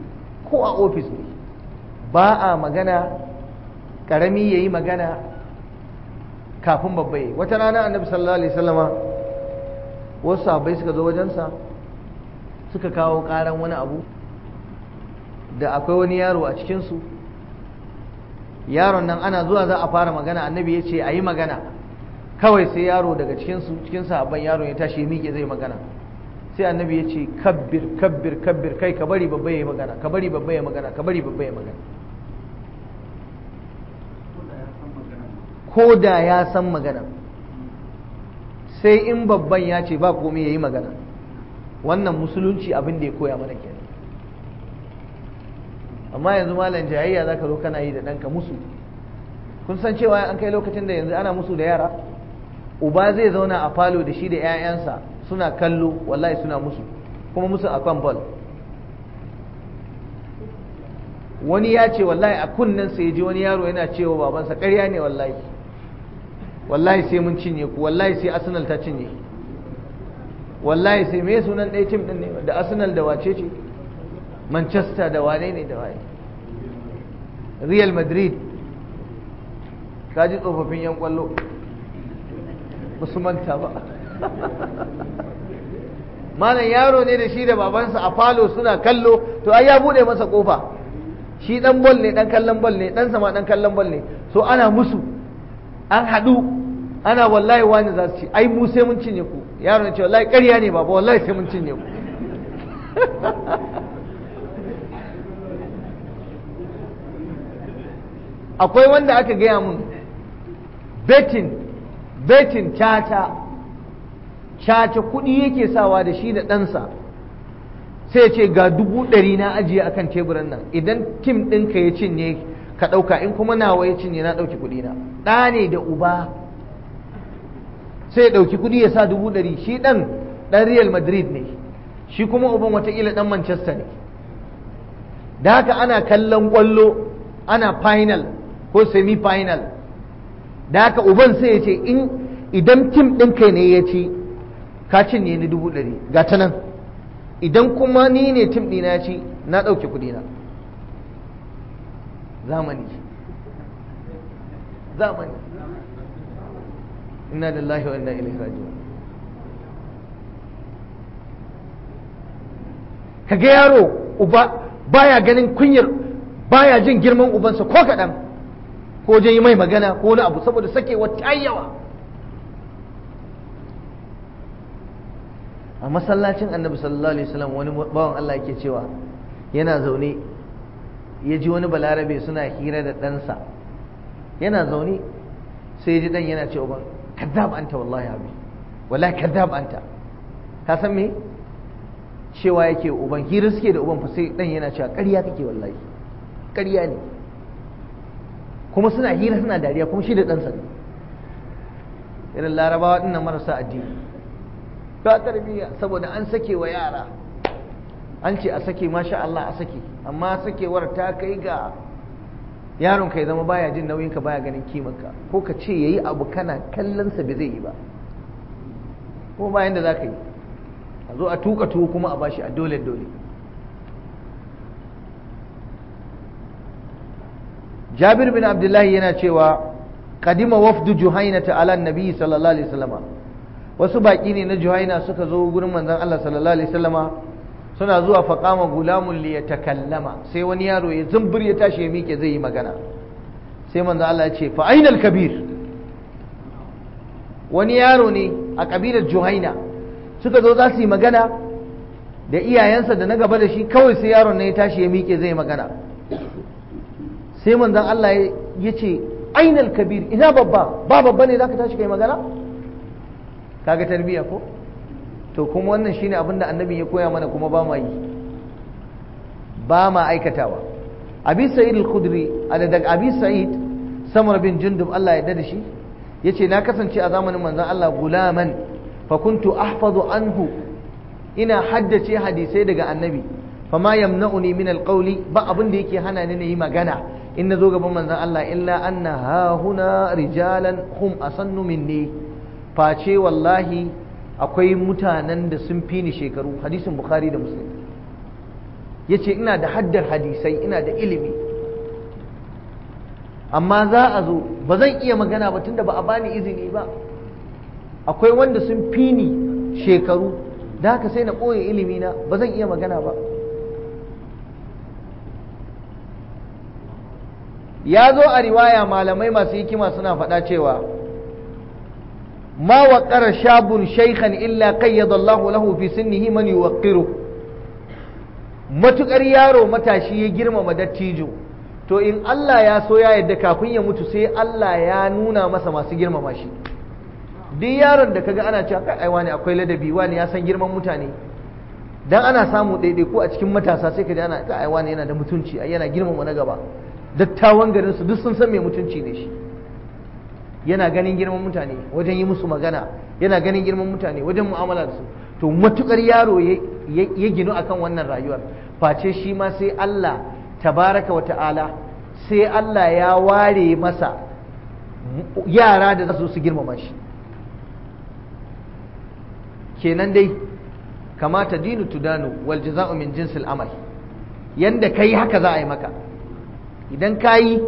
ko a ofis ne ba a magana ƙarami ya yi magana kafin babba ya yi wata rana annabi sallallahu alaihi sallama wasu abai suka zo wajensa suka kawo ƙaran wani abu da akwai wani yaro a cikinsu yaron nan ana zuwa za a fara magana annabi ya ce a yi magana kawai sai yaro daga cikinsu cikin abban yaron ya tashi ya miƙe zai magana sai annabi ya ce kabbir kabbir kabbir kai ka bari babba ya yi magana ka bari babba ya magana ka bari babba ya magana ko da ya san magana sai in babban ya ce ba komai ya yi magana wannan musulunci abin da ya koya mana kenan amma yanzu malam jayayya ka zo kana yi da ɗanka musu kun san cewa an kai lokacin da yanzu ana musu da yara uba zai zauna a falo da shi da 'ya'yansa suna kallo wallahi suna musu kuma musu a kan bal wani ya ce wallahi a kunnen sai ji wani yaro yana cewa babansa ƙarya ne wallahi wallahi sai mun cinye ku wallahi sai arsenal ta cinye wallahi sai me sunan ɗaya tim ɗin ne da arsenal da wace ce manchester da wane ne da wane real madrid ji tsofaffin yan kwallo ba su manta ba malam yaro ne da shi da babansa a falo suna kallo to ai ya bude masa kofa shi dan bol ne dan kallon bol ne dan sama dan kallon bol ne so ana musu an hadu ana wallahi wani za su ci ai mu sai mun cinye ku yaro ne ce wallahi ƙarya ne baba wallahi sai mun cinye ku akwai wanda aka gaya mun betin betin caca caca kuɗi yake sawa da shi da ɗansa sai ce ga dubu ɗari na ajiye akan teburin nan idan tim ɗinka ya cinye ka ɗauka in kuma nawa ya cinye na ɗauki kuɗi na ɗa ne da uba sai ya ɗauki kuɗi ya sa dubu ɗari shi ɗan ɗan real madrid ne shi kuma uban ila ɗan manchester ne da haka ana kallon kwallo ana final ko semi final da haka uban sai ya ce in idan tim ɗin kai ne ya ci ka cinye ni dubu ɗari ga ta nan idan kuma ni ne tim ɗina ya ci na ɗauke kuɗina zamani zamani inna lillahi wa inna ilaihi raji'un ga yaro uba baya ganin kunyar baya jin girman ubansa ko kaɗan ko je yi mai magana ko wani abu saboda sake wata yawa a masallacin annabi sallallahu alaihi wasallam wani bawan Allah yake cewa yana zaune ya ji wani balarabe suna hira da ɗansa yana zaune sai ya ji dan yana cewa ban kazzab anta wallahi abi wala kazzab anta ka san me cewa yake uban hira suke da uban fa sai dan yana cewa ƙarya kake wallahi ƙarya ne kuma suna hira suna dariya kuma shi da ɗansa ne irin larabawa ɗin marasa addini ta tarbiyya saboda an sake wa yara an ce a sake masha Allah a sake amma sakewar ta kai ga yaron ka ya zama baya jin nauyin ka baya ganin kimanka ko ka ce yayi abu kana kallonsa ba zai yi ba ko bayan da za ka yi a zo a tuka tuwo kuma a bashi a dole dole jabir bin abdullahi yana cewa kadima wafdu juhaina ta ala nabi wasu baki ne na juhaina suka zo gurin manzon Allah suna zuwa faqama gulamun li yatakallama sai wani yaro ya zumbur ya tashi ya mike zai yi magana sai manzon Allah ya ce fa kabir wani yaro ne a kabilar juhaina suka zo za su yi magana da iyayensa da na gaba da shi kawai sai yaron na ya tashi ya mike zai magana sai manzon Allah ya ce ainal kabir ina babba ba babba ne zaka tashi kai magana kaga tarbiya ko to kuma wannan shine abin da annabi ya koya mana kuma ba ma yi ba ma aikatawa abi sa'id al-khudri daga abi sa'id samar bin jundub Allah ya dada shi yace na kasance a zamanin manzon Allah gulaman fa kuntu ahfazu anhu ina haddace hadisai daga annabi fa ma yamna'uni min alqawli ba abin da yake hana ni na yi magana in na zo gaban manzan Allah illa na hahuna rijalan hum a asannu ne, face wallahi akwai mutanen da sun fi ni shekaru hadisin bukhari da muslim yace ina da haddar hadisai ina da ilimi amma za a zo ba zan iya magana ba tunda ba a bani izini ba akwai wanda sun fi ni shekaru da haka sai na ɓoye ilimina ba zan iya magana ba ya zo a riwaya malamai masu hikima suna faɗa cewa ma ƙara shabun shaikhan illa kayyadallahu lahu fi sinnihi wa ƙiro Matuƙar yaro matashi ya girmama dattijo to in Allah ya so ya yadda kafin ya mutu sai Allah ya nuna masa masu girmama shi duk yaron da kaga ana cewa kai wani akwai ladabi wani ya san girman mutane dan ana samu daidai ko a cikin matasa sai ka ji ana kai wani yana da mutunci ai yana girmama na gaba dattawan garin su duk sun san mai mutunci ne shi yana ganin girman mutane wajen yi musu magana yana ganin girman mutane wajen mu'amala da su to matukar yaro ya ginu akan wannan rayuwar face shi ma sai Allah tabaraka wa ta'ala sai Allah ya ware masa yara da zasu su girmama shi kenan dai kamata dinu tudanu wal jaza'u min jinsil amal yanda kai haka za a yi maka idan ka yi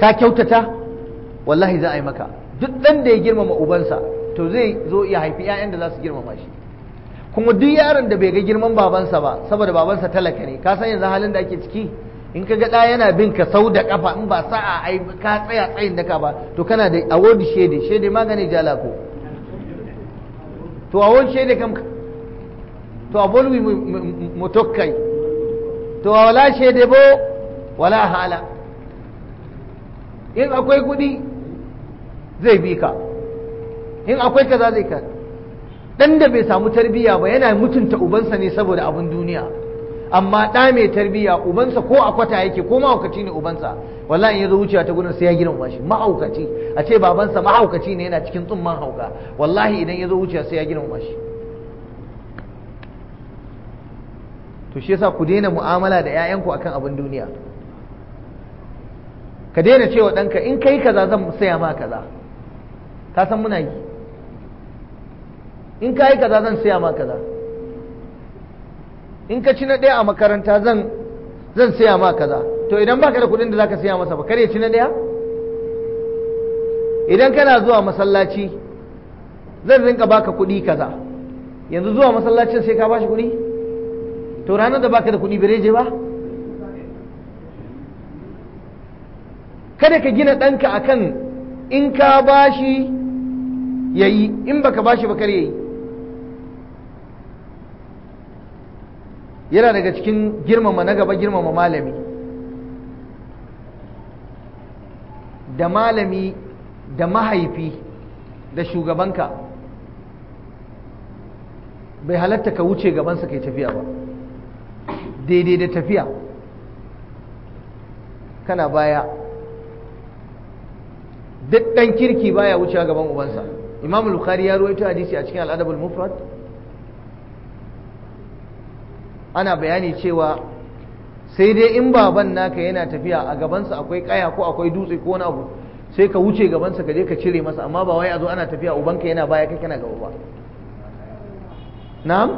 ka kyautata wallahi za a yi maka duk ɗan da ya girmama ubansa to zai zo ya haifi 'ya'yan da za su girmama shi kuma duk yaron da bai ga girman babansa ba saboda babansa talaka ne ka san yanzu halin da ake ciki in ka ga ɗa yana bin ka sau da ƙafa in ba sa'a ai ka tsaya tsayin daka ba to kana da award shede shede magani ko to award shede kam to abolwi mutokkai to wala shede bo wala hala in akwai kuɗi zai bi ka in akwai kaza zai ka dan da bai samu tarbiyya ba yana mutunta ubansa ne saboda abin duniya amma ɗa mai tarbiyya ubansa ko akwata yake ko ma'aukaci ne ubansa wallahi in ya zo wucewa ta gudun sai ya girmama shi Ma'aukaci. a ce babansa ma'aukaci ne yana cikin tsumman hauka wallahi idan ya zo wucewa sai ya gina shi to shi yasa ku daina mu'amala da 'ya'yanku akan abin duniya ka daina cewa ɗanka in kai kaza zan saya ma kaza ka san muna yi in ka yi kaza zan saya ma kaza in ka ci na ɗaya a makaranta zan zan saya ma kaza to idan baka da kuɗin da zaka saya masa ba kare ci na ɗaya idan kana zuwa masallaci zan rinka baka kuɗi kaza yanzu zuwa masallacin sai ka bashi kuɗi to ranar da baka da kuɗi bireje ba kada ka gina ɗanka a kan in ka bashi yi, in baka bashi ba kar yi. yana daga cikin girmama na gaba girmama malami da malami da mahaifi da shugabanka bai halatta ka wuce gabansa kai tafiya ba daidai da tafiya kana baya duk dan kirki baya wucewa gaban ubansa imam bukhari ya ruwaito hadisi a cikin al'adabul mufrad ana bayani cewa sai dai in baban naka yana tafiya a gabansa akwai kaya ko akwai dutse ko wani abu sai ka wuce gabansa ka je ka cire masa amma ba wai a zo ana tafiya ubanka yana baya kai kana gaba ba na'am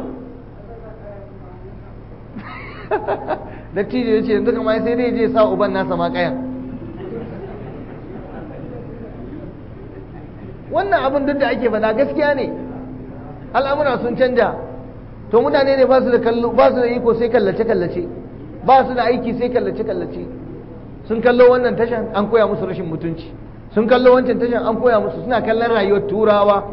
dattijo ya ce yanzu kama sai dai je sa uban nasa ma kayan wannan abin duk da ake faɗa gaskiya ne al'amura sun canja to mutane ne ba su da kallo ba su da iko sai kallace kallace ba su da aiki sai kallace kallace sun kallo wannan tashan an koya musu rashin mutunci sun kallo wancan tashan an koya musu suna kallon rayuwar turawa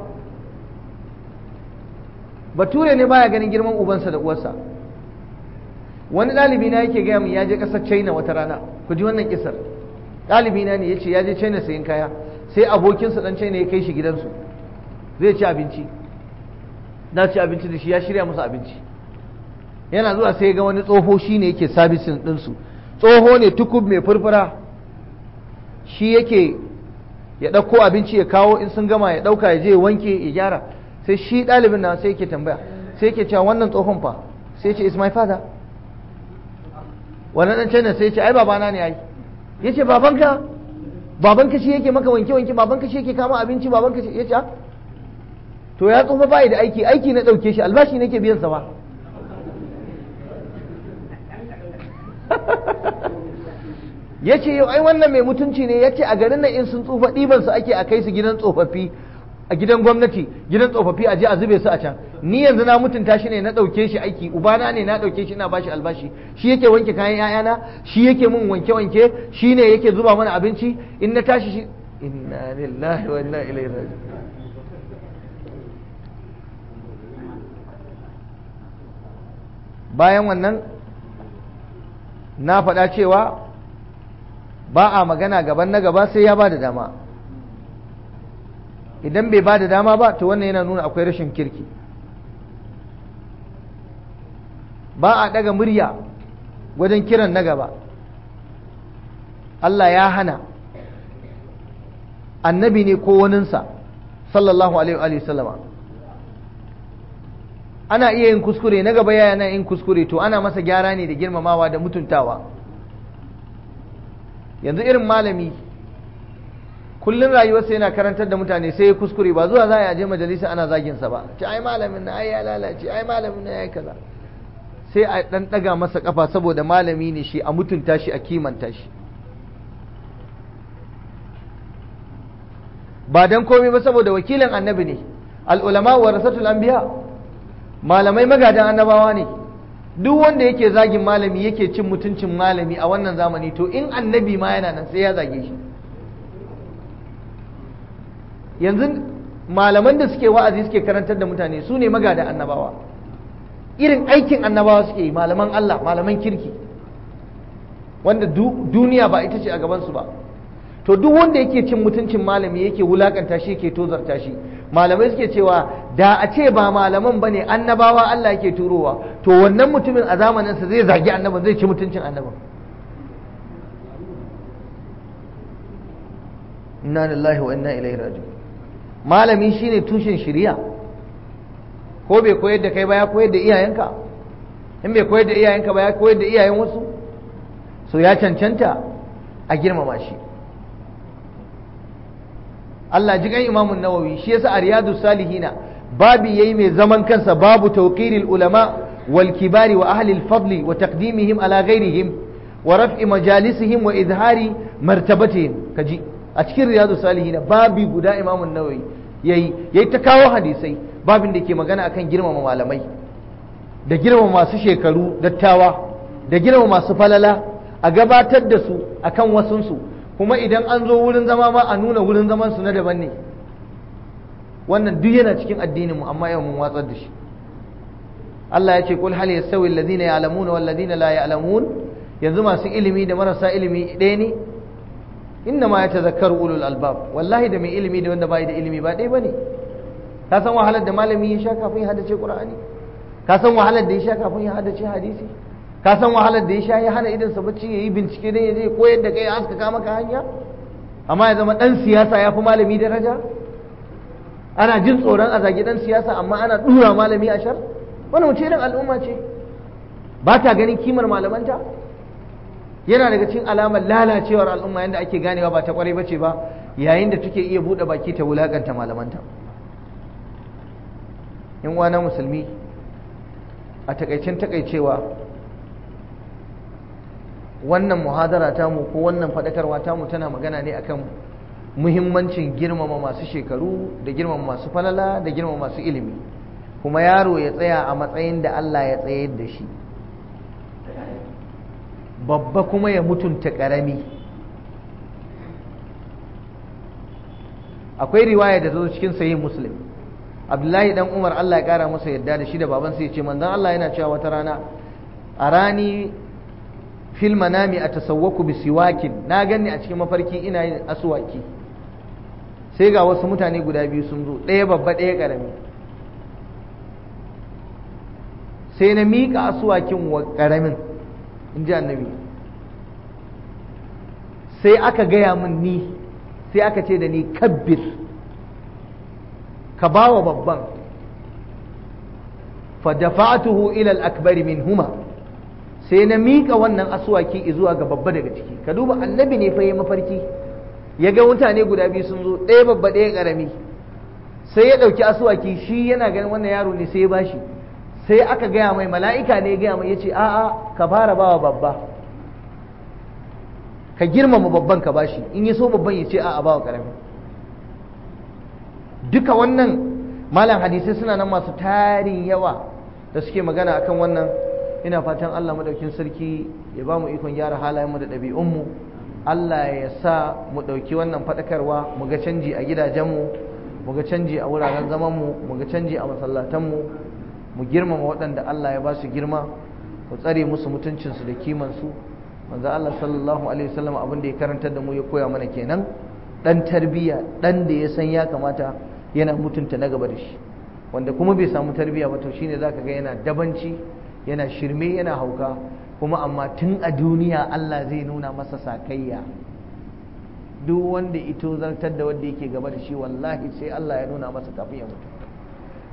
bature ne baya ganin girman ubansa da uwarsa wani ɗalibi na yake gaya min ya je ƙasar china wata rana ku ji wannan kisar ɗalibi na ne ya ce ya je china sayin kaya sai abokinsa dan ne ya kai shi gidansu zai ci abinci na ci abinci da shi ya shirya musu abinci yana zuwa sai ga wani tsoho shi ne yake sabisin ɗinsu tsoho ne tukub mai furfura shi yake ya ɗauko abinci ya kawo in sun gama ya ɗauka ya je ya wanke ya gyara sai shi ɗalibin na sai yake tambaya sai yake cewa wannan tsohon fa sai ce is my father wannan ɗan can sai ce ai babana ne ai yace babanka baban ka shi yake maka wanke wanke baban ka shi yake kama abinci baban ka shi yace ah. to ya tsufa ba da aiki aiki na dauke shi albashi nake biyan sa ba yace yau ai wannan mai mutunci ne yace a garin nan in sun tsufa ɗiban su ake a kai su gidan tsofaffi a gidan gwamnati gidan tsofaffi a je a zube su a can ni yanzu na mutunta shi ne na ɗauke shi aiki ubana ne na ɗauke shi ina bashi albashi shi yake wanke kayan ƴaƴana shi yake min wanke wanke shi ne yake zuba mana abinci in na tashi shi inna lillahi wa inna ilaihi raji'un bayan wannan na faɗa cewa ba a magana gaban na gaba sai ya ba da dama idan bai ba da dama ba to wannan yana nuna akwai rashin kirki ba a daga murya wajen kiran na gaba Allah ya hana annabi ne ko waninsa sallallahu alaihi wa sallama ana iya yin kuskure na gaba yana yin kuskure to ana masa gyara ne da girmamawa da mutuntawa yanzu irin malami kullun rayuwarsa yana karantar da mutane sai ya kuskure ba zuwa za a yi aje majalisa ana zagin sa ba ci ai malamin na ai ya lalace ai malamin na ya kaza sai a dan daga masa kafa saboda malami ne shi a mutunta shi a kimanta shi ba dan komai ba saboda wakilin annabi ne al ulama warasatul anbiya malamai magadan annabawa ne duk wanda yake zagin malami yake cin mutuncin malami a wannan zamani to in annabi ma yana nan sai ya zage shi yanzu malaman da suke wa'azi suke karantar da mutane su ne magada annabawa irin aikin annabawa suke yi malaman Allah malaman kirki wanda duniya ba ita ce a gabansu ba to duk wanda yake cin mutuncin malami yake wulakanta shi yake tozarta shi malamai suke cewa da a ce ba malaman bane annabawa Allah yake turowa to wannan mutumin a zamaninsa zai zagi annaban zai ci mutuncin annaban inna lillahi wa inna ilaihi raji'un malami shine tushen shiriya ko bai koyar da kai ba ya koyar da iyayenka in bai koyar da iyayenka ba ya koyar da iyayen wasu so ya cancanta a girmama shi Allah ji kan imamun nawawi shi yasa a riyadu salihina babu yayi mai zaman kansa babu tawqiril ulama wal kibari wa ahli al fadli wa taqdimihim ala ghairihim wa raf'i majalisihim wa izhari martabatihim kaji a cikin riyadu na babi guda imamun nawawi yayi yayi ta kawo hadisai babin da ke magana akan girmama malamai da girmama masu shekaru dattawa da girmama masu falala a gabatar da su akan su kuma idan an zo wurin zama ma a nuna wurin zaman su na daban ne wannan duk yana cikin addinin mu amma yau mun watsar da shi Allah ya ce kul hal yasawi alladhina ya'lamuna wal ladina la ya'lamun yanzu masu ilimi da marasa ilimi ɗaya ne inna ma yatazakkaru ulul albab wallahi da mai ilimi da wanda bai da ilimi ba dai bane ka san wahalar da malami ya sha kafin ya hadace qur'ani ka san wahalar da ya sha kafin ya hadace hadisi ka san wahalar da ya sha ya hana idan sa bacci yayi bincike dan yaje koyar da kai aska ka maka hanya amma ya zama dan siyasa ya fi malami daraja ana jin tsoron a zagi dan siyasa amma ana dura malami a shar wannan wace irin al'umma ce ba ta ganin kimar malamanta yana daga cikin alamar lalacewar al'umma yadda ake ganewa ba ta kwarai ce ba yayin da take iya buɗe baki ta wulakanta malamanta in wana musulmi a takaicin takaicewa wannan muhadara mu ko wannan faɗakarwa mu tana magana ne akan muhimmancin girmama masu shekaru da girmama masu falala da girmama masu ilimi kuma yaro ya tsaya a matsayin da Allah ya tsayar da shi babba kuma ya mutunta ƙarami akwai riwaya da ta zo cikin sayin muslim abdullahi dan umar allah ya kara masa yadda da shi da baban ya ce manzon allah yana cewa wata rana a rani fil manami a ku bi siwakin na gani a cikin mafarki ina yin aswaki sai ga wasu mutane guda biyu sun zo ɗaya babba ɗaya ƙarami sai na miƙa asuwakin wa ƙaramin in ji annabi sai aka gaya min ni sai aka ce da ni kabbir ka bawa babban fadafa'atuhu ila al-akbari minhuma sai na mika wannan aswaki zuwa ga babba daga ciki ka duba annabi ne fa ya mafarki ya ga mutane guda biyu sun zo ɗaya babba ɗaya ƙarami sai ya ɗauki asuwaki shi yana ganin wannan yaro ne sai ya bashi sai aka gaya mai mala'ika ne gaya mai ya ce a'a ka fara bawa babba ka girmama babban ka bashi in ya so babban ya ce a'a bawa ƙarami duka wannan malam hadisai suna nan masu tarin yawa da suke magana akan wannan ina fatan Allah madaukin sarki ya ba mu ikon gyara mu da ɗabi'unmu Allah ya sa mu ɗauki wannan faɗakarwa mu ga canji a gidajenmu mu ga canji a wuraren zamanmu mu ga canji a masallatanmu mu girmama waɗanda Allah ya ba su girma mu tsare musu mutuncinsu da kimansu manzo Allah sallallahu alaihi wasallam abin da ya karanta da mu ya koya mana kenan dan tarbiyya dan da ya san ya kamata yana mutunta na gaba da shi wanda kuma bai samu tarbiyya ba to shine zaka ga yana dabanci yana shirme yana hauka kuma amma tun a duniya Allah zai nuna masa sakayya duk wanda ito zartar da wanda yake gaba da shi wallahi sai Allah ya nuna masa kafin ya mutu